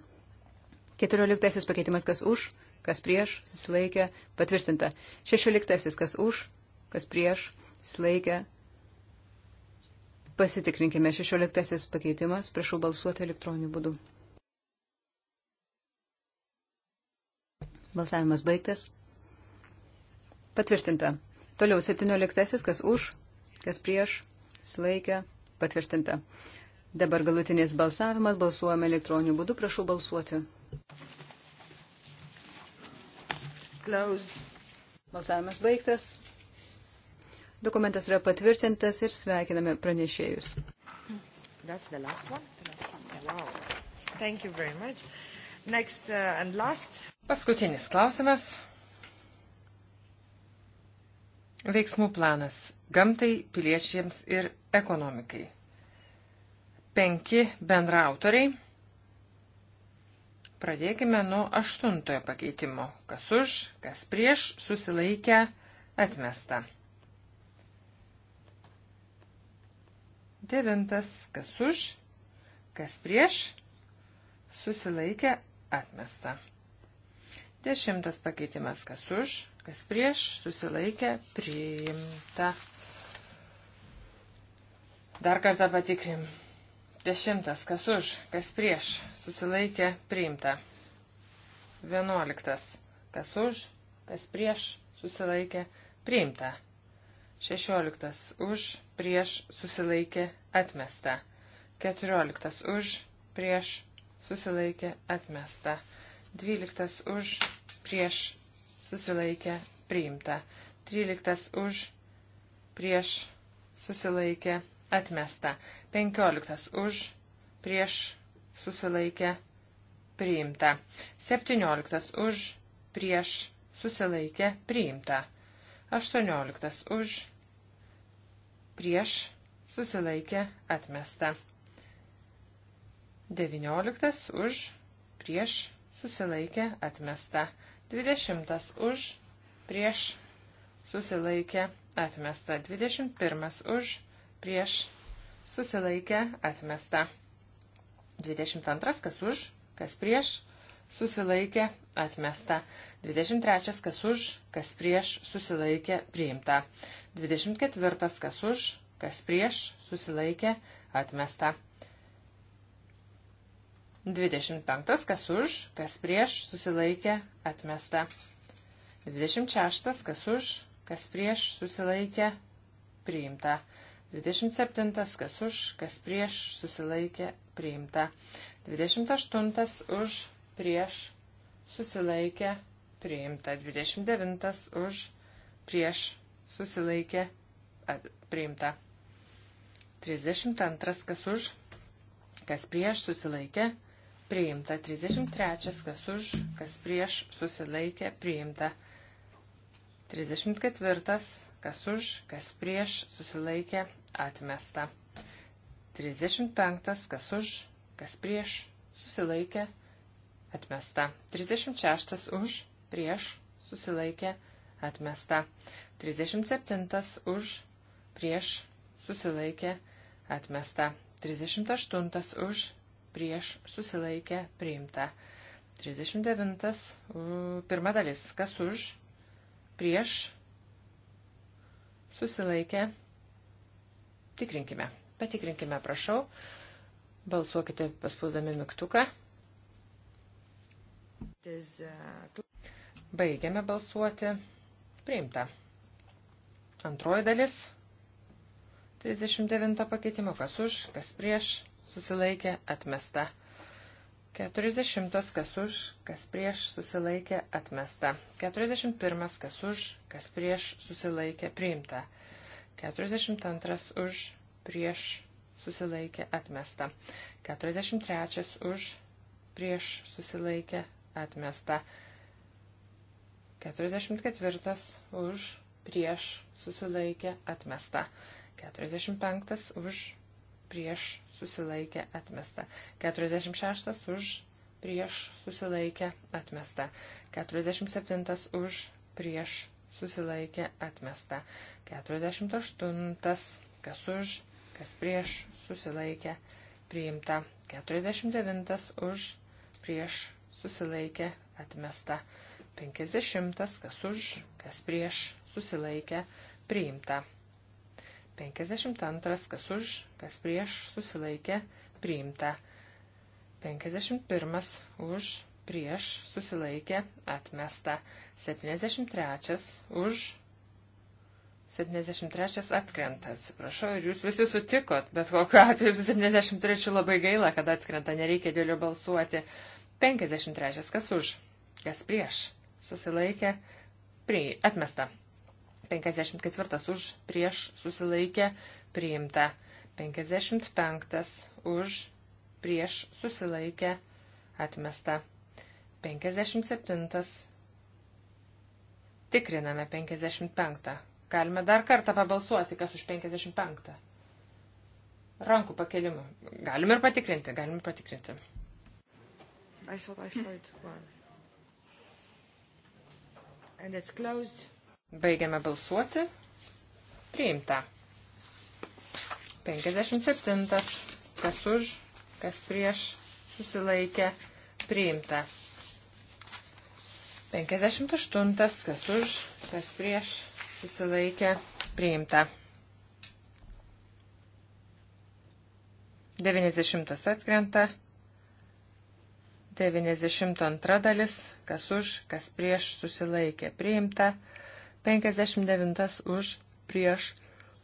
Keturioliktasis pakeitimas, kas už, kas prieš, susilaikė, patvirtinta. Šešioliktasis, kas už, kas prieš, susilaikė. Pasitikrinkime šešioliktasis pakeitimas, prašau balsuoti elektroniniu būdu. Balsavimas baigtas. Patvirtinta. Toliau 17. Kas už, kas prieš, sulaikė, patvirtinta. Dabar galutinės balsavimas. Balsuojame elektroniniu būdu. Prašau balsuoti. Close. Balsavimas baigtas. Dokumentas yra patvirtintas ir sveikiname pranešėjus. That's the last one? The last one. Wow. Thank you very much. Next uh, and last. Paskutinis klausimas. Veiksmų planas gamtai, piliečiams ir ekonomikai. Penki bendrautoriai. Pradėkime nuo aštuntojo pakeitimo. Kas už, kas prieš, susilaikę, atmesta. Devintas, kas už, kas prieš, susilaikę, atmesta. Dešimtas pakeitimas, kas už, kas prieš, susilaikė, priimta. Dar kartą patikrim. Dešimtas, kas už, kas prieš, susilaikė, priimta. Vienuoliktas, kas už, kas prieš, susilaikė, priimta. Šešioliktas, už, prieš, susilaikė, atmesta. Keturioliktas, už, prieš, susilaikė, atmesta. 12 už, prieš, susilaikė, priimta. 13 už, prieš, susilaikė, atmesta. 15 už, prieš, susilaikė, priimta. 17 už, prieš, susilaikė, priimta. 18 už, prieš, susilaikė, atmesta. 19 už, prieš, susilaikė atmesta. 20 už, prieš, susilaikė atmesta. 21 už, prieš, susilaikė atmesta. 22 kas už, kas prieš, susilaikė atmesta. 23 kas už, kas prieš, susilaikė priimta. 24 kas už, kas prieš, susilaikė atmesta. 25. Kas už, kas prieš, susilaikė, atmesta. 26. Kas už, kas prieš, susilaikė, priimta. 27. Kas už, kas prieš, susilaikė, priimta. 28. Už, prieš, susilaikė, priimta. 29. Už, prieš, susilaikė, at, priimta. 32. Kas už, kas prieš, susilaikė, priimta priimta. 33, kas už, kas prieš, susilaikė, priimta. 34, kas už, kas prieš, susilaikė, atmesta. 35, kas už, kas prieš, susilaikė, atmesta. 36, už, prieš, susilaikė, atmesta. 37, už, prieš, susilaikė, atmesta. 38, už, prieš susilaikę priimta. 39. Pirma dalis. Kas už? Prieš susilaikę. Tikrinkime. Patikrinkime, prašau. Balsuokite paspaudami mygtuką. Baigiame balsuoti. Priimta. Antroji dalis. 39 pakeitimo. Kas už, kas prieš susilaikė, atmesta. 40. kas už, kas prieš, susilaikė, atmesta. 41. kas už, kas prieš, susilaikė, priimta. 42. už, prieš, susilaikė, atmesta. 43. už, prieš, susilaikė, atmesta. 44. už, prieš, susilaikė, atmesta. 45. už, prieš susilaikę atmesta. 46 už prieš susilaikę atmesta. 47 už prieš susilaikę atmesta. 48 kas už, kas prieš susilaikę priimta. 49 už prieš susilaikę atmesta. 50 kas už, kas prieš susilaikę priimta. 52, kas už, kas prieš, susilaikė, priimta. 51, už, prieš, susilaikė, atmesta. 73, už, 73 atkrenta, atsiprašau, ir jūs visi sutikot, bet kokiu atveju su 73 labai gaila, kad atkrenta, nereikia dėl jo balsuoti. 53 kas už, kas prieš, susilaikė, prie, atmesta. 54 už, prieš susilaikė priimta. 55 už, prieš susilaikė atmesta. 57. Tikriname 55. Galime dar kartą pabalsuoti, kas už 55. Rankų pakelimu. Galim ir patikrinti, galim ir patikrinti. I thought I saw it one. And it's closed. Baigiame balsuoti. Priimta. 57. Kas už, kas prieš, susilaikė. Priimta. 58. Kas už, kas prieš, susilaikė. Priimta. 90. Atkrenta. 92 dalis, kas už, kas prieš susilaikė priimta, 59 už prieš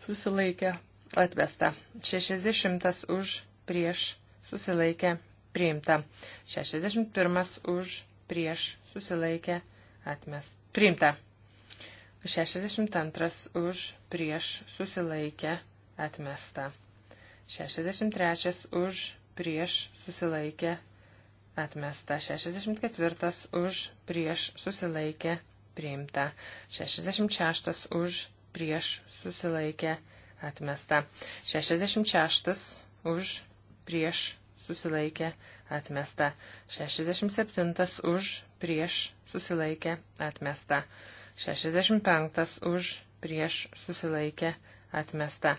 susilaikę atvesta. 60 už prieš susilaikę priimta. 61 už prieš susilaikę atmes priimta. 62 už prieš susilaikę atmesta. 63 už prieš susilaikę atmesta. 64 už prieš susilaikę atmesta priimta. 66 už, prieš, susilaikė, atmesta. 66 už, prieš, susilaikė, atmesta. 67 už, prieš, susilaikė, atmesta. 65 už, prieš, susilaikė, atmesta.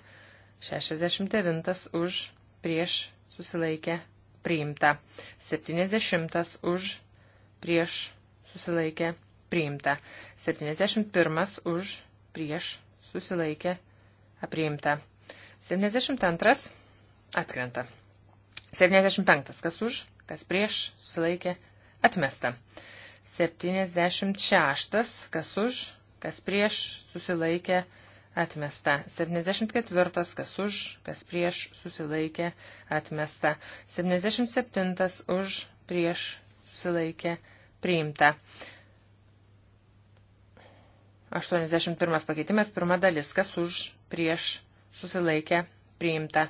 69 už, prieš, susilaikė, priimta. 70 už, prieš, susilaikė, priimta. 71 už prieš susilaikė priimta. 72 atkrenta. 75 kas už, kas prieš susilaikė atmesta. 76 kas už, kas prieš susilaikė atmesta. 74 kas už, kas prieš susilaikė atmesta. 77 už, prieš susilaikė priimta. 81 pakeitimas, pirma dalis, kas už, prieš, susilaikė, priimta.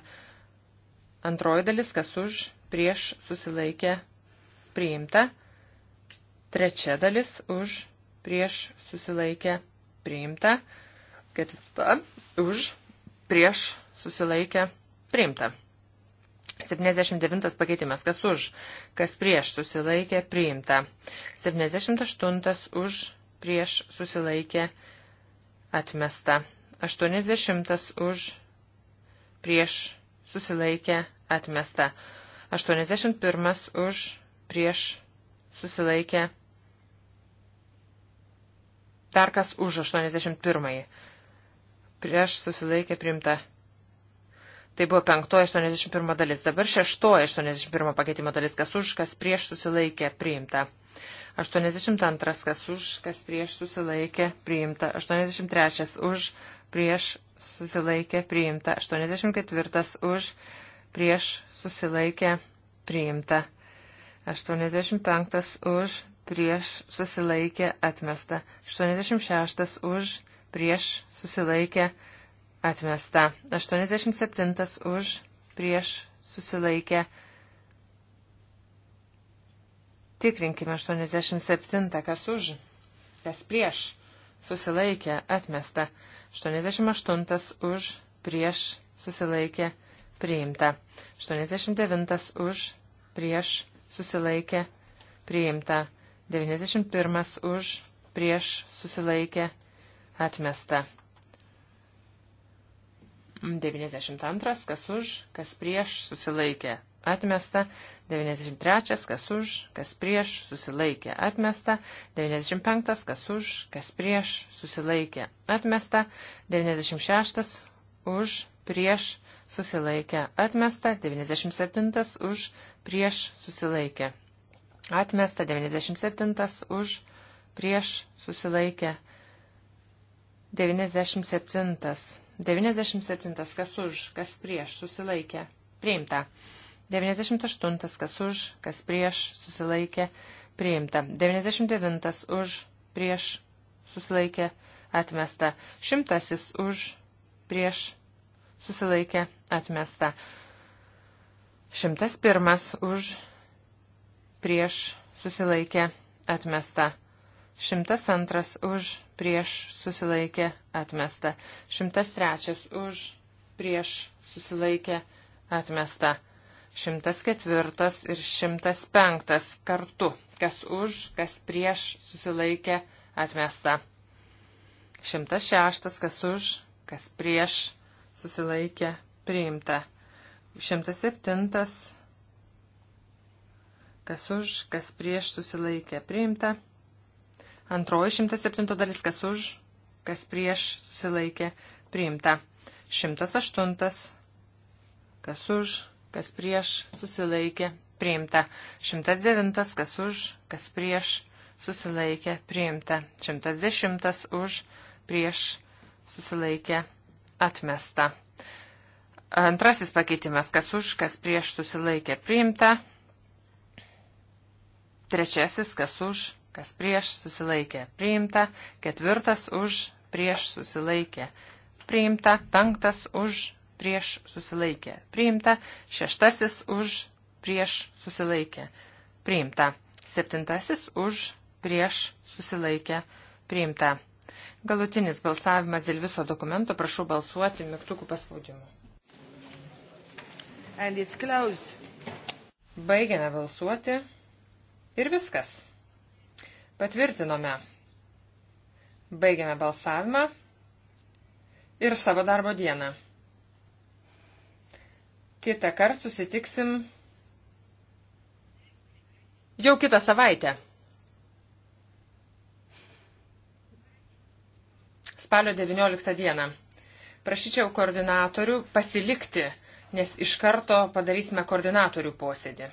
Antroji dalis, kas už, prieš, susilaikė, priimta. Trečia dalis, už, prieš, susilaikė, priimta. Ketvirta, už, prieš, susilaikė, priimta. 79 pakeitimas, kas už, kas prieš susilaikė, priimta. 78 už, prieš susilaikė atmesta. 80 už prieš susilaikė atmesta. 81 už prieš susilaikė. Dar kas už 81. Prieš susilaikė primta. Tai buvo 5.81 dalis. Dabar 6.81 pakeitimo dalis, kas už, kas prieš susilaikė priimta. 82 kas už, kas prieš susilaikė priimta. 83 už, prieš susilaikė priimta. 84 už, prieš susilaikė priimta. 85 už, prieš susilaikė atmesta. 86 už, prieš susilaikė atmesta. 87 už, prieš susilaikė atmesta susilaikė Patikrinkime 87, kas už, kas prieš, susilaikė, atmesta. 88 už, prieš, susilaikė, priimta. 89 už, prieš, susilaikė, priimta. 91 už, prieš, susilaikė, atmesta. 92, kas už, kas prieš, susilaikė, atmesta, 93, kas už, kas prieš, susilaikė, atmesta, 95, kas už, kas prieš, susilaikė, atmesta, 96, už, prieš, susilaikė, atmesta, 97, už, prieš, susilaikė, atmesta, 97, už, prieš, susilaikė, 97. 97. Kas už, kas prieš, susilaikė. Priimta. 98 kas už, kas prieš, susilaikė, priimta. 99 už, prieš, susilaikė, atmesta. Šimtasis už, prieš, susilaikė, atmesta. Šimtas pirmas už, prieš, susilaikė, atmesta. Šimtas antras už, prieš, susilaikė, atmesta. Šimtas trečias už, prieš, susilaikė, atmesta. 104 ir 105 kartu, kas už, kas prieš susilaikė atmesta. 106, kas už, kas prieš susilaikė priimta. 107, kas už, kas prieš susilaikė priimta. Antroji 107 dalis, kas už, kas prieš susilaikė priimta. 108, kas už, kas prieš, susilaikė, priimta. 109, kas už, kas prieš, susilaikė, priimta. 110 už, prieš, susilaikė, atmesta. Antrasis pakeitimas, kas už, kas prieš susilaikė priimta. Trečiasis, kas už, kas prieš susilaikė priimta. Ketvirtas už, prieš susilaikė priimta. Penktas už, prieš susilaikė. Priimta. Šeštasis už prieš susilaikė. Priimta. Septintasis už prieš susilaikė. Priimta. Galutinis balsavimas dėl viso dokumento. Prašau balsuoti mygtukų paspaudimu. Baigiame balsuoti. Ir viskas. Patvirtinome. Baigiame balsavimą ir savo darbo dieną. Kita kart susitiksim jau kitą savaitę. Spalio 19 dieną. Prašyčiau koordinatorių pasilikti, nes iš karto padarysime koordinatorių posėdį.